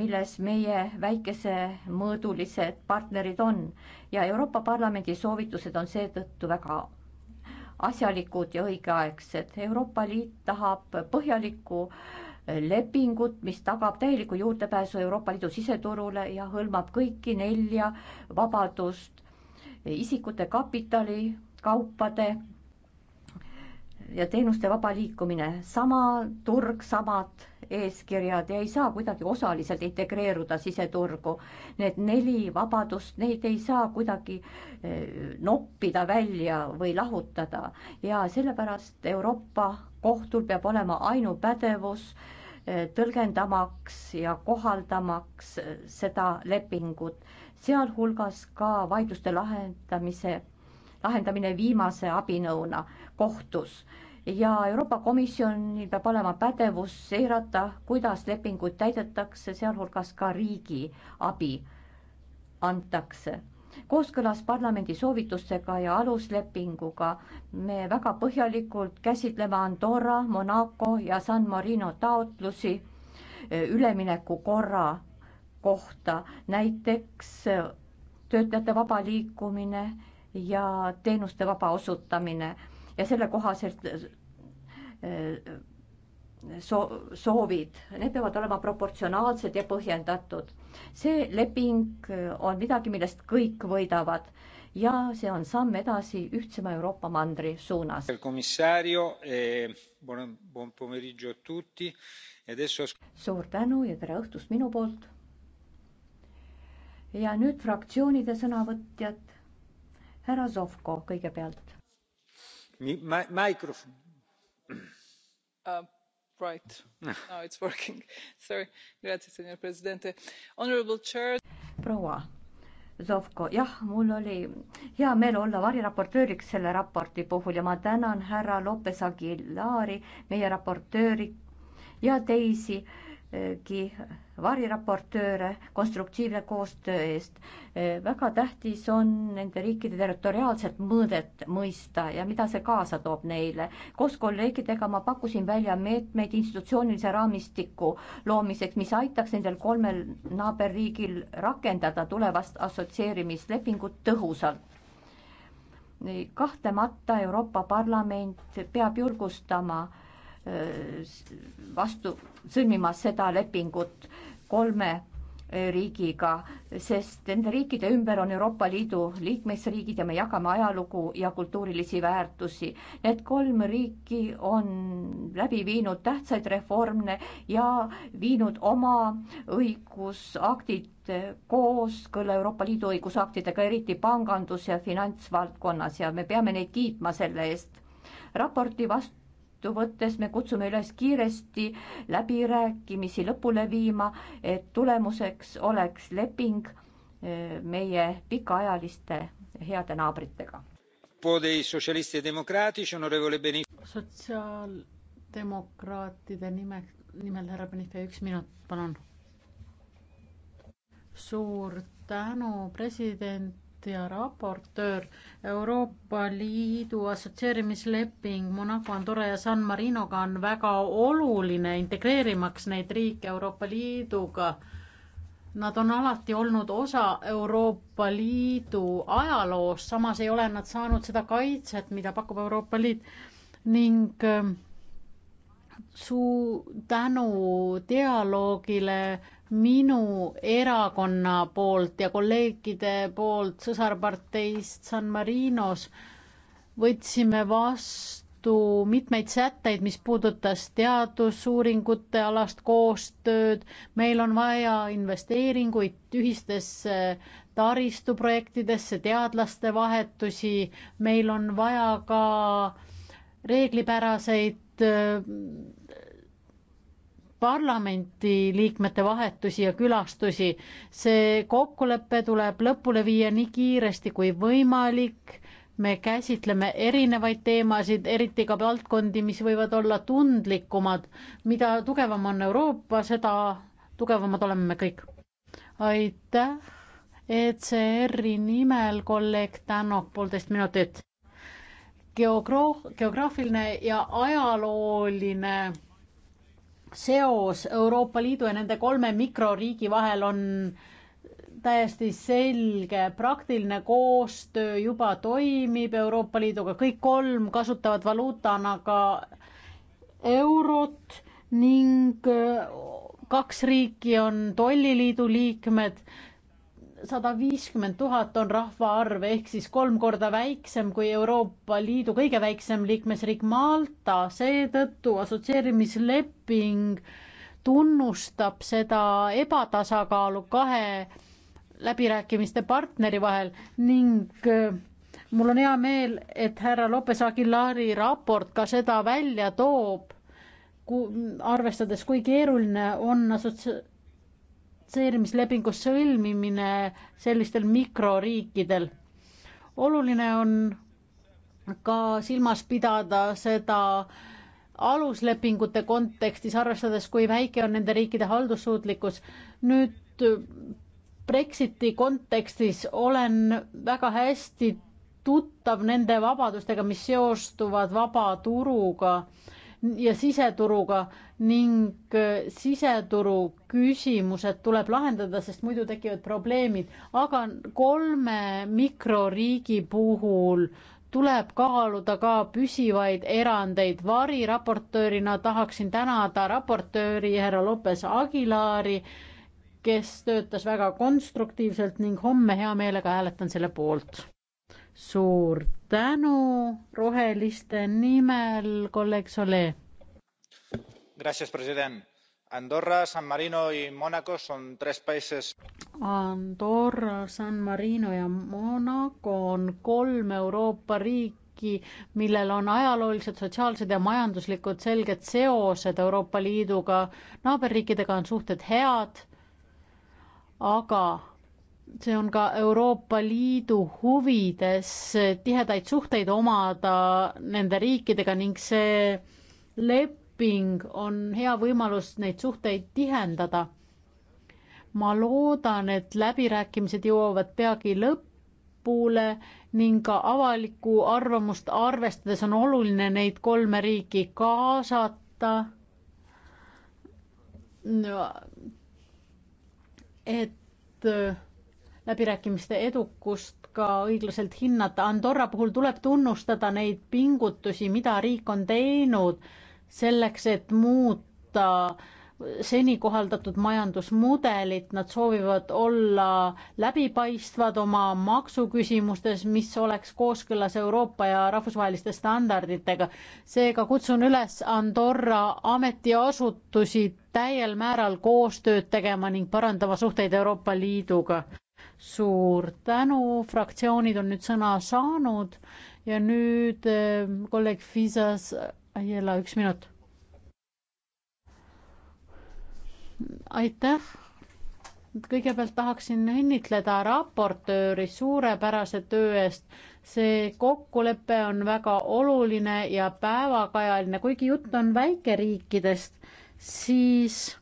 milles meie väikesemõõdulised partnerid on ja Euroopa Parlamendi soovitused on seetõttu väga asjalikud ja õigeaegsed. Euroopa Liit tahab põhjalikku lepingut, mis tagab täieliku juurdepääsu Euroopa Liidu siseturule ja hõlmab kõiki nelja vabadust, isikute kapitali, kaupade ja teenuste vaba liikumine, sama turg, samad eeskirjad ja ei saa kuidagi osaliselt integreeruda siseturgu. Need neli vabadust, neid ei saa kuidagi eh, noppida välja või lahutada ja sellepärast Euroopa kohtul peab olema ainupädevus eh, tõlgendamaks ja kohaldamaks eh, seda lepingut, sealhulgas ka vaidluste lahendamise lahendamine viimase abinõuna kohtus ja Euroopa Komisjonil peab olema pädevus seirata, kuidas lepinguid täidetakse, sealhulgas ka riigi abi antakse. kooskõlas parlamendi soovitustega ja aluslepinguga me väga põhjalikult käsitleme Andorra, Monaco ja San Marino taotlusi üleminekukorra kohta, näiteks töötajate vaba liikumine ja teenuste vaba osutamine ja selle kohaselt äh, so-, soovid, need peavad olema proportsionaalsed ja põhjendatud. see leping äh, on midagi, millest kõik võidavad ja see on samm edasi ühtsema Euroopa mandri suunas. Eh, e suur tänu ja tere õhtust minu poolt. ja nüüd fraktsioonide sõnavõtjad härra Zovko kõigepealt. mikrofon. Uh, right. Now it's working. Sorry. Grazie, signor presidente. Honorable chair. proua Zovko, jah, mul oli hea meel olla variraportööriks selle raporti puhul ja ma tänan härra Lopes Aguilari, meie raportööri ja teisigi variraportööre konstruktiivne koostöö eest. Eh, väga tähtis on nende riikide territoriaalset mõõdet mõista ja mida see kaasa toob neile. koos kolleegidega ma pakkusin välja meetmeid institutsioonilise raamistiku loomiseks, mis aitaks nendel kolmel naaberriigil rakendada tulevast assotsieerimislepingut tõhusalt kahtlemata Euroopa Parlament peab julgustama äh, vastu sõlmima seda lepingut kolme riigiga, sest nende riikide ümber on Euroopa Liidu liikmesriigid ja me jagame ajalugu ja kultuurilisi väärtusi. Need kolm riiki on läbi viinud tähtsaid reforme ja viinud oma õigusaktid kooskõlla Euroopa Liidu õigusaktidega, eriti pangandus- ja finantsvaldkonnas ja me peame neid kiitma selle eest. raporti vastu vastu võttes me kutsume üles kiiresti läbirääkimisi lõpule viima, et tulemuseks oleks leping eh, meie pikaajaliste heade naabritega. E sotsiaaldemokraatide nime, nimel härra Benifei, üks minut, palun. suur tänu, president president ja raportöör. Euroopa Liidu assotsieerimisleping Monaco, Andorra ja San Marinoga on väga oluline, integreerimaks neid riike Euroopa Liiduga. Nad on alati olnud osa Euroopa Liidu ajaloost, samas ei ole nad saanud seda kaitset, mida pakub Euroopa Liit ning äh, suu tänu dialoogile minu erakonna poolt ja kolleegide poolt sõsarparteist San Marinos võtsime vastu mitmeid sätteid, mis puudutas teadusuuringute alast koostööd, meil on vaja investeeringuid ühistesse taristuprojektidesse, teadlaste vahetusi, meil on vaja ka reeglipäraseid parlamenti liikmete vahetusi ja külastusi. see kokkulepe tuleb lõpule viia nii kiiresti kui võimalik. me käsitleme erinevaid teemasid, eriti ka valdkondi, mis võivad olla tundlikumad. mida tugevam on Euroopa, seda tugevamad oleme me kõik. aitäh. ECR-i nimel kolleeg Tänok, poolteist minutit. Geograaf-, geograafiline ja ajalooline seos Euroopa Liidu ja nende kolme mikroriigi vahel on täiesti selge, praktiline koostöö juba toimib Euroopa Liiduga, kõik kolm kasutavad valuutana ka eurot ning kaks riiki on tolliliidu liikmed sada viiskümmend tuhat on rahvaarv ehk siis kolm korda väiksem kui Euroopa Liidu kõige väiksem liikmesriik Malta, seetõttu assotsieerimisleping tunnustab seda ebatasakaalu kahe läbirääkimiste partneri vahel ning äh, mul on hea meel, et härra Lopes Aguilari raport ka seda välja toob, arvestades, kui keeruline on assots-, assotsieerimislepingu sõlmimine sellistel mikroriikidel. oluline on ka silmas pidada seda aluslepingute kontekstis, arvestades, kui väike on nende riikide haldussuutlikkus. nüüd Brexiti kontekstis olen väga hästi tuttav nende vabadustega, mis seostuvad vaba turuga ja siseturuga ning äh, siseturu küsimused tuleb lahendada, sest muidu tekivad probleemid, aga kolme mikroriigi puhul tuleb kaaluda ka püsivaid erandeid. variraportöörina tahaksin tänada raportööri härra Lopes Aguilari, kes töötas väga konstruktiivselt ning homme hea meelega hääletan selle poolt suur tänu roheliste nimel, kolleeg Solé. Gracias, president. Andorra, San Marino y Monaco son tres países. Andorra, San Marino ja Monaco on kolm Euroopa riiki, millel on ajaloolised, sotsiaalsed ja majanduslikud selged seosed Euroopa Liiduga. naaberriikidega on suhted head, aga see on ka Euroopa Liidu huvides tihedaid suhteid omada nende riikidega ning see leping on hea võimalus neid suhteid tihendada. ma loodan, et läbirääkimised jõuavad peagi lõpule ning ka avalikku arvamust arvestades on oluline neid kolme riiki kaasata no,. et läbirääkimiste edukust ka õiglaselt hinnata. Andorra puhul tuleb tunnustada neid pingutusi, mida riik on teinud selleks, et muuta seni kohaldatud majandusmudelit, nad soovivad olla läbipaistvad oma maksuküsimustes, mis oleks kooskõlas Euroopa ja rahvusvaheliste standarditega. seega kutsun üles Andorra ametiasutusi täiel määral koostööd tegema ning parandama suhteid Euroopa Liiduga suur tänu, fraktsioonid on nüüd sõna saanud ja nüüd eh, kolleeg Fisas, Aiela, üks minut. aitäh. kõigepealt tahaksin õnnitleda raportööri suurepärase töö eest. see kokkulepe on väga oluline ja päevakajaline, kuigi jutt on väikeriikidest, siis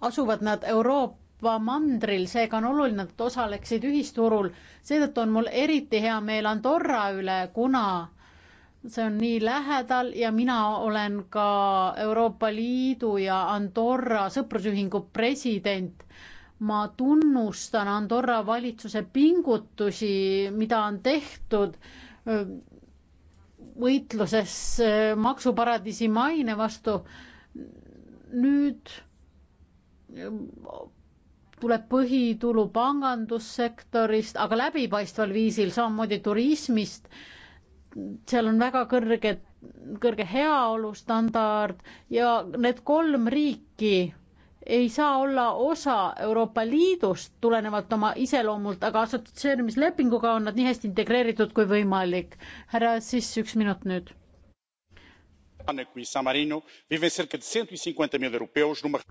asuvad nad Euroopa Euroopa mandril, seega on oluline, et osaleksid ühisturul. seetõttu on mul eriti hea meel Andorra üle, kuna see on nii lähedal ja mina olen ka Euroopa Liidu ja Andorra sõprusühingu president. ma tunnustan Andorra valitsuse pingutusi, mida on tehtud võitluses maksuparadiisi maine vastu. nüüd tuleb põhitulu pangandussektorist, aga läbipaistval viisil, samamoodi turismist. seal on väga kõrge, kõrge heaolustandard ja need kolm riiki ei saa olla osa Euroopa Liidust tulenevalt oma iseloomult, aga assotsieerimislepinguga on nad nii hästi integreeritud kui võimalik. härra Siss, üks minut nüüd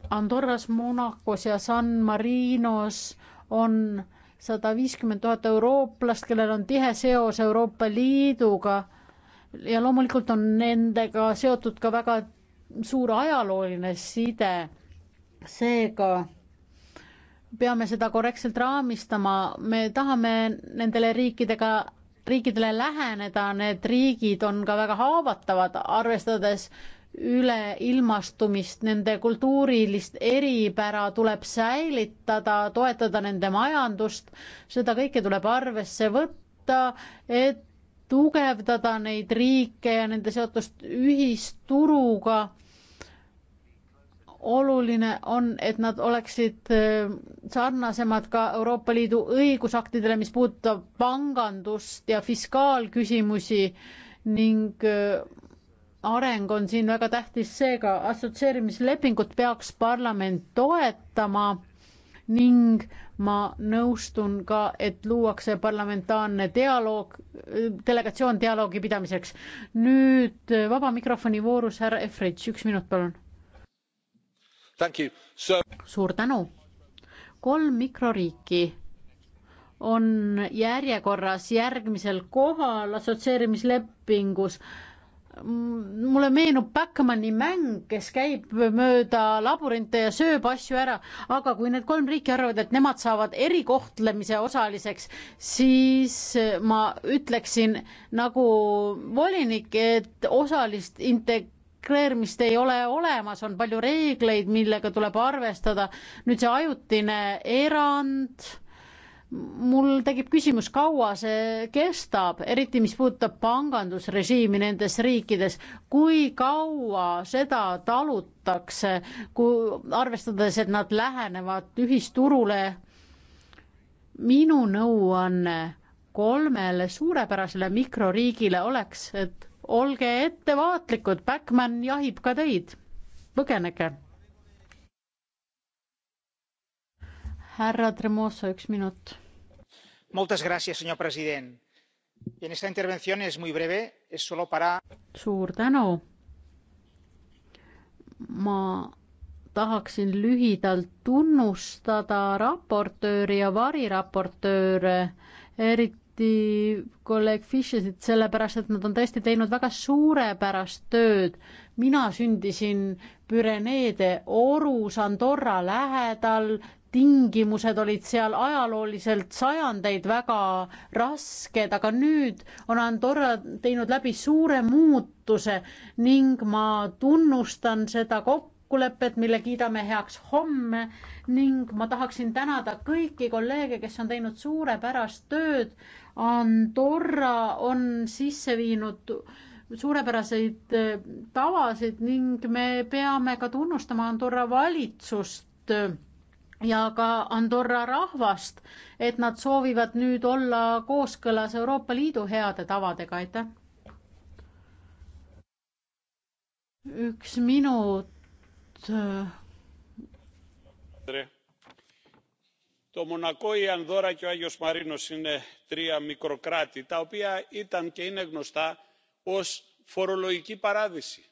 Andorras, Monacos ja San Marinos on sada viiskümmend tuhat eurooplast, kellel on tihe seos Euroopa Liiduga ja loomulikult on nendega seotud ka väga suur ajalooline side. seega peame seda korrektselt raamistama, me tahame nendele riikidega riikidele läheneda, need riigid on ka väga haavatavad, arvestades üleilmastumist, nende kultuurilist eripära tuleb säilitada, toetada nende majandust, seda kõike tuleb arvesse võtta, et tugevdada neid riike ja nende seotust ühisturuga oluline on, et nad oleksid äh, sarnasemad ka Euroopa Liidu õigusaktidele, mis puudutab pangandust ja fiskaalküsimusi ning äh, areng on siin väga tähtis, seega assotsieerimislepingut peaks parlament toetama ning ma nõustun ka, et luuakse parlamentaarne dialoog, delegatsioon dialoogi pidamiseks. nüüd äh, vaba mikrofoni voorus, härra Efrits, üks minut, palun suur tänu. kolm mikroriiki on järjekorras järgmisel kohal assotsieerimislepingus. mulle meenub Backmani mäng, kes käib mööda labürinte ja sööb asju ära, aga kui need kolm riiki arvavad, et nemad saavad erikohtlemise osaliseks, siis ma ütleksin nagu volinik, et osalist integ-, deklareerimist ei ole olemas, on palju reegleid, millega tuleb arvestada. nüüd see ajutine erand, mul tekib küsimus, kaua see kestab, eriti mis puudutab pangandusrežiimi nendes riikides, kui kaua seda talutakse, kui arvestades, et nad lähenevad ühisturule. minu nõuanne kolmele suurepärasele mikroriigile oleks, et olge ettevaatlikud, Backman jahib ka teid, põgenege. härra Tremosa, üks minut. Muchas gracias, senor president. En esta intervención es muy breve, es solo para. suur tänu. ma tahaksin lühidalt tunnustada raportööri ja variraportööre, eriti eriti kolleeg Fisherit, sellepärast et nad on tõesti teinud väga suurepärast tööd. mina sündisin Püreneede orus Andorra lähedal, tingimused olid seal ajalooliselt sajandeid väga rasked, aga nüüd on Andorra teinud läbi suure muutuse ning ma tunnustan seda kokku kokkulepet, mille kiidame heaks homme ning ma tahaksin tänada kõiki kolleege, kes on teinud suurepärast tööd. Andorra on sisse viinud suurepäraseid äh, tavasid ning me peame ka tunnustama Andorra valitsust ja ka Andorra rahvast, et nad soovivad nüüd olla kooskõlas Euroopa Liidu heade tavadega, aitäh! üks minut Äh, το μονακό η ανδόρα και ο άγιος μαρίνος είναι τρία μικροκράτη τα οποία ήταν και είναι γνωστά ως φορολογική παράδειση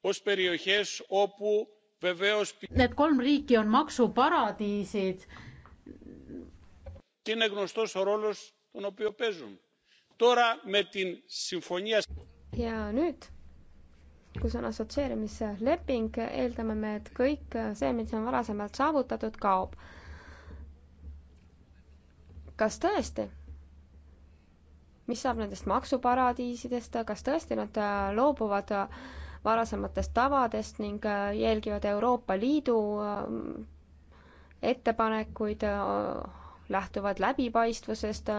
ως περιοχές όπου βεβαίως. Need kolm riiki on maksuparadiisid. Και είναι γνωστός ο ρόλος τον οποίο παίζουν. Τώρα με την συμφωνία. Ja nüüd kus on assotsieerimisleping, eeldame me, et kõik see, mis on varasemalt saavutatud, kaob. kas tõesti? mis saab nendest maksuparadiisidest, kas tõesti nad loobuvad varasematest tavadest ning jälgivad Euroopa Liidu ähm, ettepanekuid, äh, lähtuvad läbipaistvusest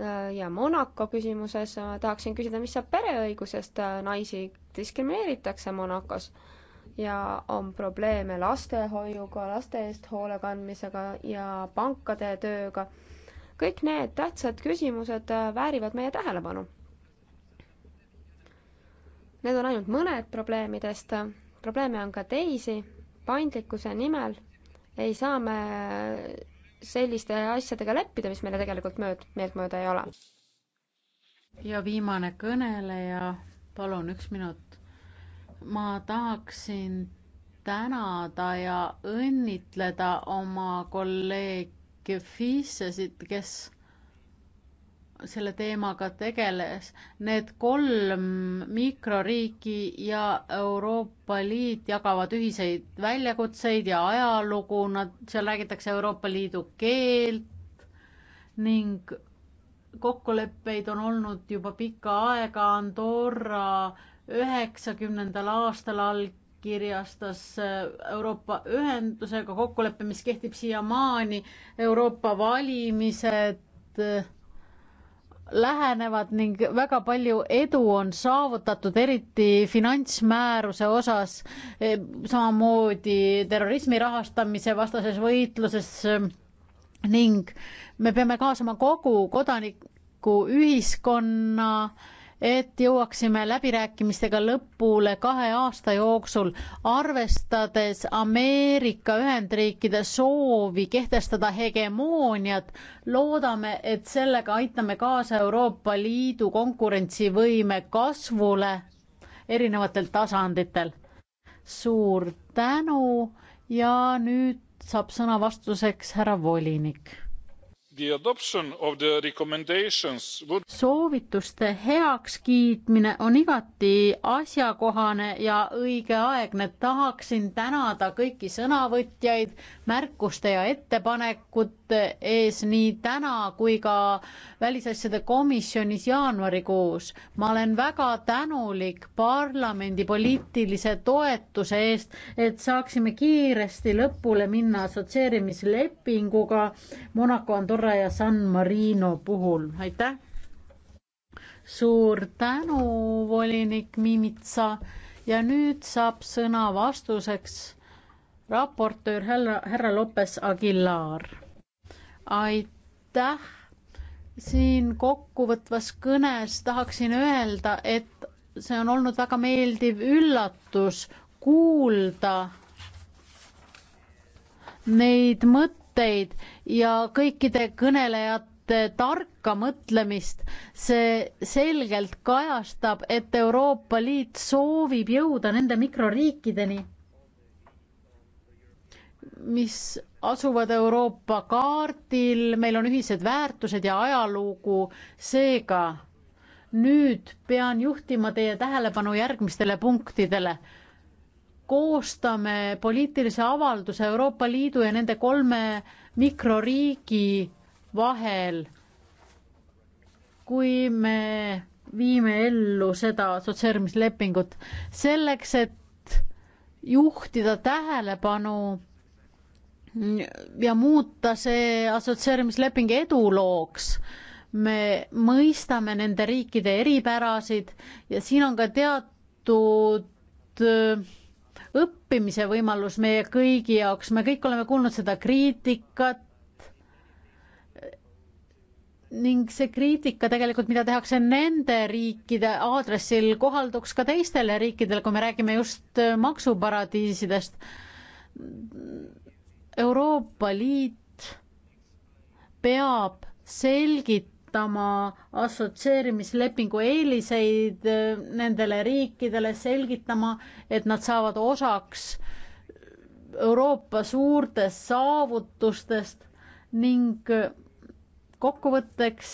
Äh, ja Monaco küsimuses äh, tahaksin küsida, mis saab pereõigusest, äh, naisi diskrimineeritakse Monacos ja on probleeme lastehoiuga, laste eest hoole kandmisega ja pankade tööga. kõik need tähtsad küsimused väärivad meie tähelepanu. Need on ainult mõned probleemidest, probleeme on ka teisi, paindlikkuse nimel ei saa me selliste asjadega leppida, mis meile tegelikult mööd-, meeltmööda ei ole. ja viimane kõneleja, palun üks minut. ma tahaksin tänada ja õnnitleda oma kolleeg Kefisesid, kes selle teemaga tegeles. Need kolm mikroriiki ja Euroopa Liit jagavad ühiseid väljakutseid ja ajalugu, nad, seal räägitakse Euroopa Liidu keelt ning kokkuleppeid on olnud juba pikka aega, Andorra üheksakümnendal aastal allkirjastas Euroopa ühendusega kokkuleppe, mis kehtib siiamaani, Euroopa valimised lähenevad ning väga palju edu on saavutatud, eriti finantsmääruse osas, e, samamoodi terrorismi rahastamise vastases võitluses e, ning me peame kaasama kogu kodanikuühiskonna äh, et jõuaksime läbirääkimistega lõpule kahe aasta jooksul, arvestades Ameerika Ühendriikide soovi kehtestada hegemooniat, loodame, et sellega aitame kaasa Euroopa Liidu konkurentsivõime kasvule erinevatel tasanditel. suur tänu ja nüüd saab sõna vastuseks härra volinik soovituste heakskiitmine on igati asjakohane ja õigeaegne. tahaksin tänada kõiki sõnavõtjaid märkuste ja ettepanekute ees nii täna kui ka välisasjade komisjonis jaanuarikuus. ma olen väga tänulik parlamendi poliitilise toetuse eest, et saaksime kiiresti lõpule minna assotsieerimislepinguga. Monaco, Andorra Poola ja San Marino puhul, aitäh! suur tänu, volinik Mimitsa ja nüüd saab sõna vastuseks raportöör härra, härra Lopes Aguilar. aitäh! siin kokkuvõtvas kõnes tahaksin öelda, et see on olnud väga meeldiv üllatus kuulda neid mõtteid, mõtteid ja kõikide kõnelejate tarka mõtlemist. see selgelt kajastab, et Euroopa Liit soovib jõuda nende mikroriikideni, mis asuvad Euroopa kaardil, meil on ühised väärtused ja ajalugu, seega nüüd pean juhtima teie tähelepanu järgmistele punktidele koostame poliitilise avalduse Euroopa Liidu ja nende kolme mikroriigi vahel, kui me viime ellu seda assotsieerimislepingut, selleks et juhtida tähelepanu ja muuta see assotsieerimisleping edulooks me mõistame nende riikide eripärasid ja siin on ka teatud õppimise võimalus meie kõigi jaoks, me kõik oleme kuulnud seda kriitikat ning see kriitika tegelikult, mida tehakse nende riikide aadressil, kohalduks ka teistele riikidele, kui me räägime just äh, maksuparadiisidest. Euroopa Liit peab selgitama, arutama assotsieerimislepingu eeliseid äh, nendele riikidele, selgitama, et nad saavad osaks Euroopa suurtest saavutustest ning äh, kokkuvõtteks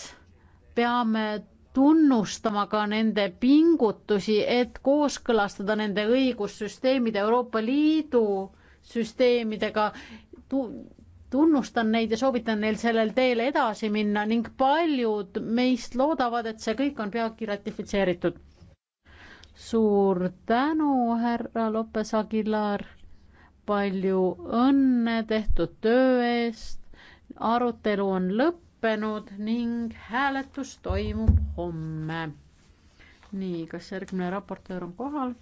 peame tunnustama ka nende pingutusi, et kooskõlastada nende õigussüsteemid Euroopa Liidu süsteemidega, tunnustan neid ja soovitan neil sellel teel edasi minna ning paljud meist loodavad, et see kõik on peagi ratifitseeritud. suur tänu, härra Lopes Aguilar, palju õnne tehtud töö eest, arutelu on lõppenud ning hääletus toimub homme. nii, kas järgmine raportöör on kohal?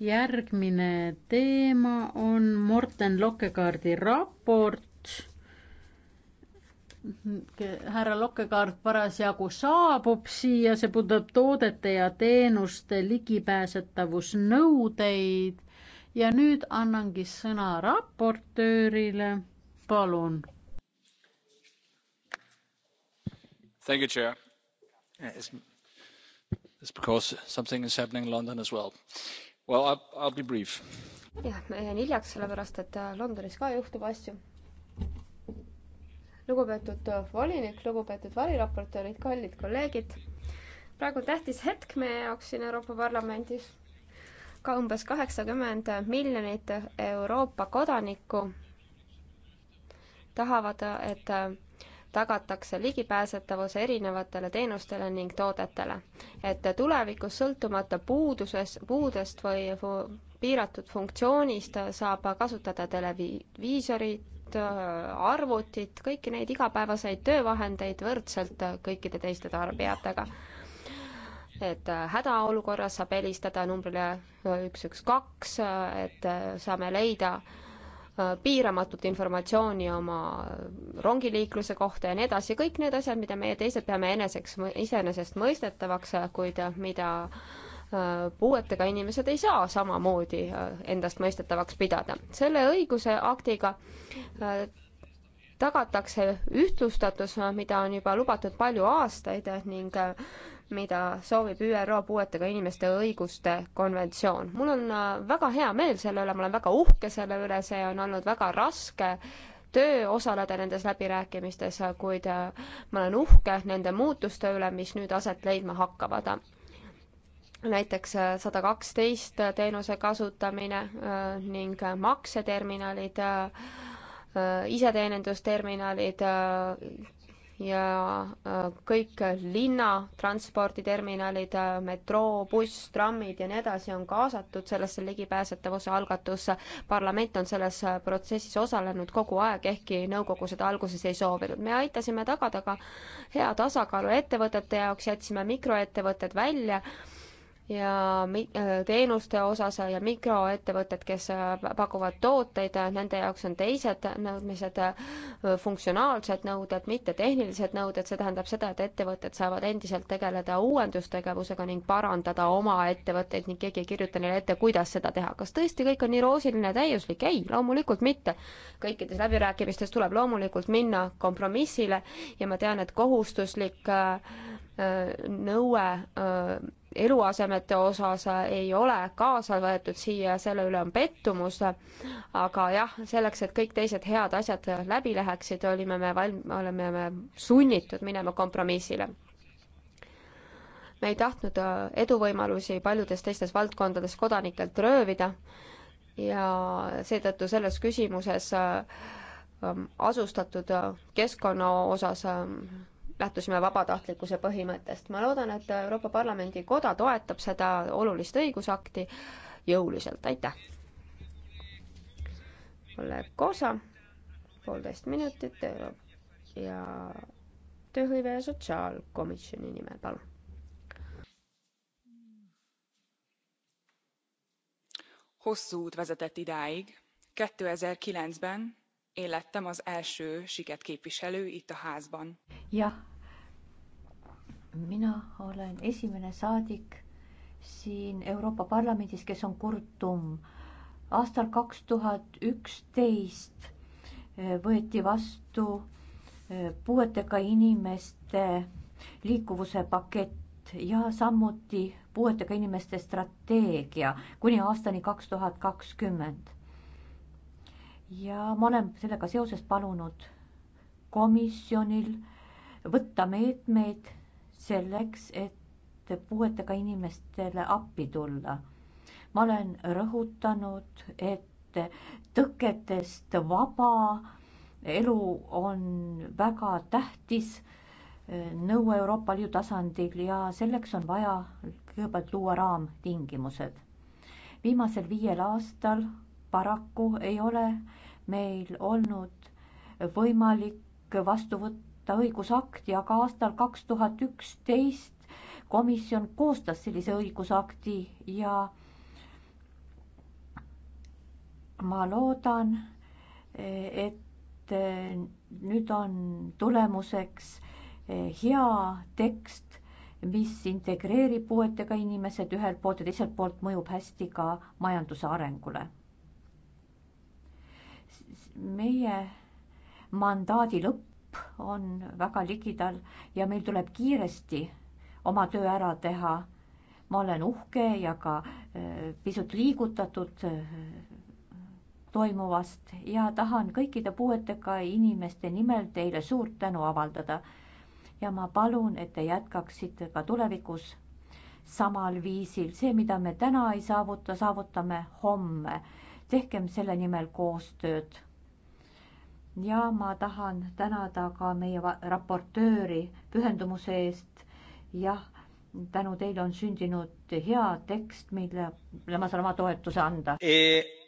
järgmine teema on Morten Lokkekaardi raport härra Lokkekaart parasjagu saabub siia, see puudutab toodete ja teenuste ligipääsetavusnõudeid ja nüüd annangi sõna raportöörile, palun. Thank you, chair is because something is happening in London as well. Well, I'll, I'll be brief. jah, ma jään hiljaks, sellepärast et äh, Londonis ka juhtub asju. lugupeetud äh, volinik, lugupeetud variraportöörid, kallid kolleegid. praegu on tähtis hetk meie jaoks siin Euroopa Parlamendis. ka umbes kaheksakümmend miljonit Euroopa kodanikku tahavad, äh, et tagatakse ligipääsetavus erinevatele teenustele ning toodetele. et tulevikus sõltumata puuduses, puudest või piiratud funktsioonist saab kasutada televiisorit, arvutit, kõiki neid igapäevaseid töövahendeid võrdselt kõikide teiste tarbijatega. et hädaolukorras saab helistada numbrile üks, üks, kaks, et saame leida Äh, piiramatut informatsiooni oma rongiliikluse kohta ja nii edasi, kõik need asjad, mida meie teised peame eneseks, iseenesestmõistetavaks, äh, kuid äh, mida puuetega inimesed ei saa samamoodi endastmõistetavaks pidada. selle õiguseaktiga tagatakse ühtlustatus, mida on juba lubatud palju aastaid ning mida soovib ÜRO puuetega inimeste õiguste konventsioon. mul on äh, väga hea meel selle üle, ma olen väga uhke selle üle, see on olnud väga raske töö osaleda nendes läbirääkimistes, kuid äh, ma olen uhke nende muutuste üle, mis nüüd aset leidma hakkavad. näiteks äh, sada kaksteist teenuse kasutamine ning makseterminalid iseteenindusterminalid, ja äh, kõik linna transporditerminalid, äh, metroo, buss, trammid ja nii edasi on kaasatud sellesse ligipääsetavuse algatusse. parlament on selles äh, protsessis osalenud kogu aeg, ehkki nõukogu seda alguses ei soovinud. me aitasime tagada ka hea tasakaalu ettevõtete jaoks, jätsime mikroettevõtted välja ja äh, teenuste osas ja mikroettevõtted, kes äh, pakuvad tooteid, äh, nende jaoks on teised nõudmised, funktsionaalsed nõuded, mitte tehnilised nõuded, see tähendab seda, et ettevõtted saavad endiselt tegeleda uuendustegevusega ning parandada oma ettevõtteid ning keegi ei kirjuta neile ette, kuidas seda teha. kas tõesti kõik on nii roosiline ja täiuslik? ei, loomulikult mitte. kõikides läbirääkimistes tuleb loomulikult minna kompromissile ja ma tean, et kohustuslik nõue öö, eluasemete osas ei ole kaasa võetud siia, selle üle on pettumus. aga jah, selleks, et kõik teised head asjad läbi läheksid, olime me valm-, oleme me sunnitud minema kompromissile me ei tahtnud äh, eduvõimalusi paljudes teistes valdkondades kodanikelt röövida ja seetõttu selles küsimuses äh, asustatud äh, keskkonna osas lähtusime vabatahtlikkuse põhimõttest. ma loodan, et Euroopa Parlamendi koda toetab seda olulist õigusakti jõuliselt, aitäh! kolleeg Kosa, poolteist minutit ja tööhõive ja sotsiaalkomisjoni nimel, palun. hosszú út vezetett idáig. 2009-ben én lettem az első siket képviselő itt a házban. jah, mina olen esimene saadik siin Euroopa Parlamendis, kes on kurtum. aastal kaks tuhat üksteist eh, võeti vastu eh, puuetega inimeste liikuvuse pakett ja samuti puuetega inimeste strateegia kuni aastani kaks tuhat kakskümmend. ja ma olen sellega seoses palunud komisjonil võtta meetmeid meet selleks, et puuetega inimestele appi tulla. ma olen rõhutanud, et tõketest vaba elu on väga tähtis nõue Euroopa Liidu tasandil ja selleks on vaja kõigepealt luua raamtingimused. viimasel viiel aastal paraku ei ole meil olnud võimalik vastu võtta võtta õigusakti, aga aastal kaks tuhat üksteist komisjon koostas sellise õigusakti ja ma loodan, et nüüd on tulemuseks hea tekst, mis integreerib puuetega inimesed ühelt poolt ja teiselt poolt mõjub hästi ka majanduse arengule. meie mandaadi lõpp lõpp on väga ligidal ja meil tuleb kiiresti oma töö ära teha. ma olen uhke ja ka äh, pisut liigutatud äh, toimuvast ja tahan kõikide puuetega inimeste nimel teile suurt tänu avaldada. ja ma palun, et te jätkaksite ka tulevikus samal viisil. see, mida me täna ei saavuta, saavutame homme. tehkem selle nimel koostööd ja ma tahan tänada ka meie raportööri pühendumuse eest. jah, tänu teile on sündinud hea tekst, millele ma saan oma toetuse anda e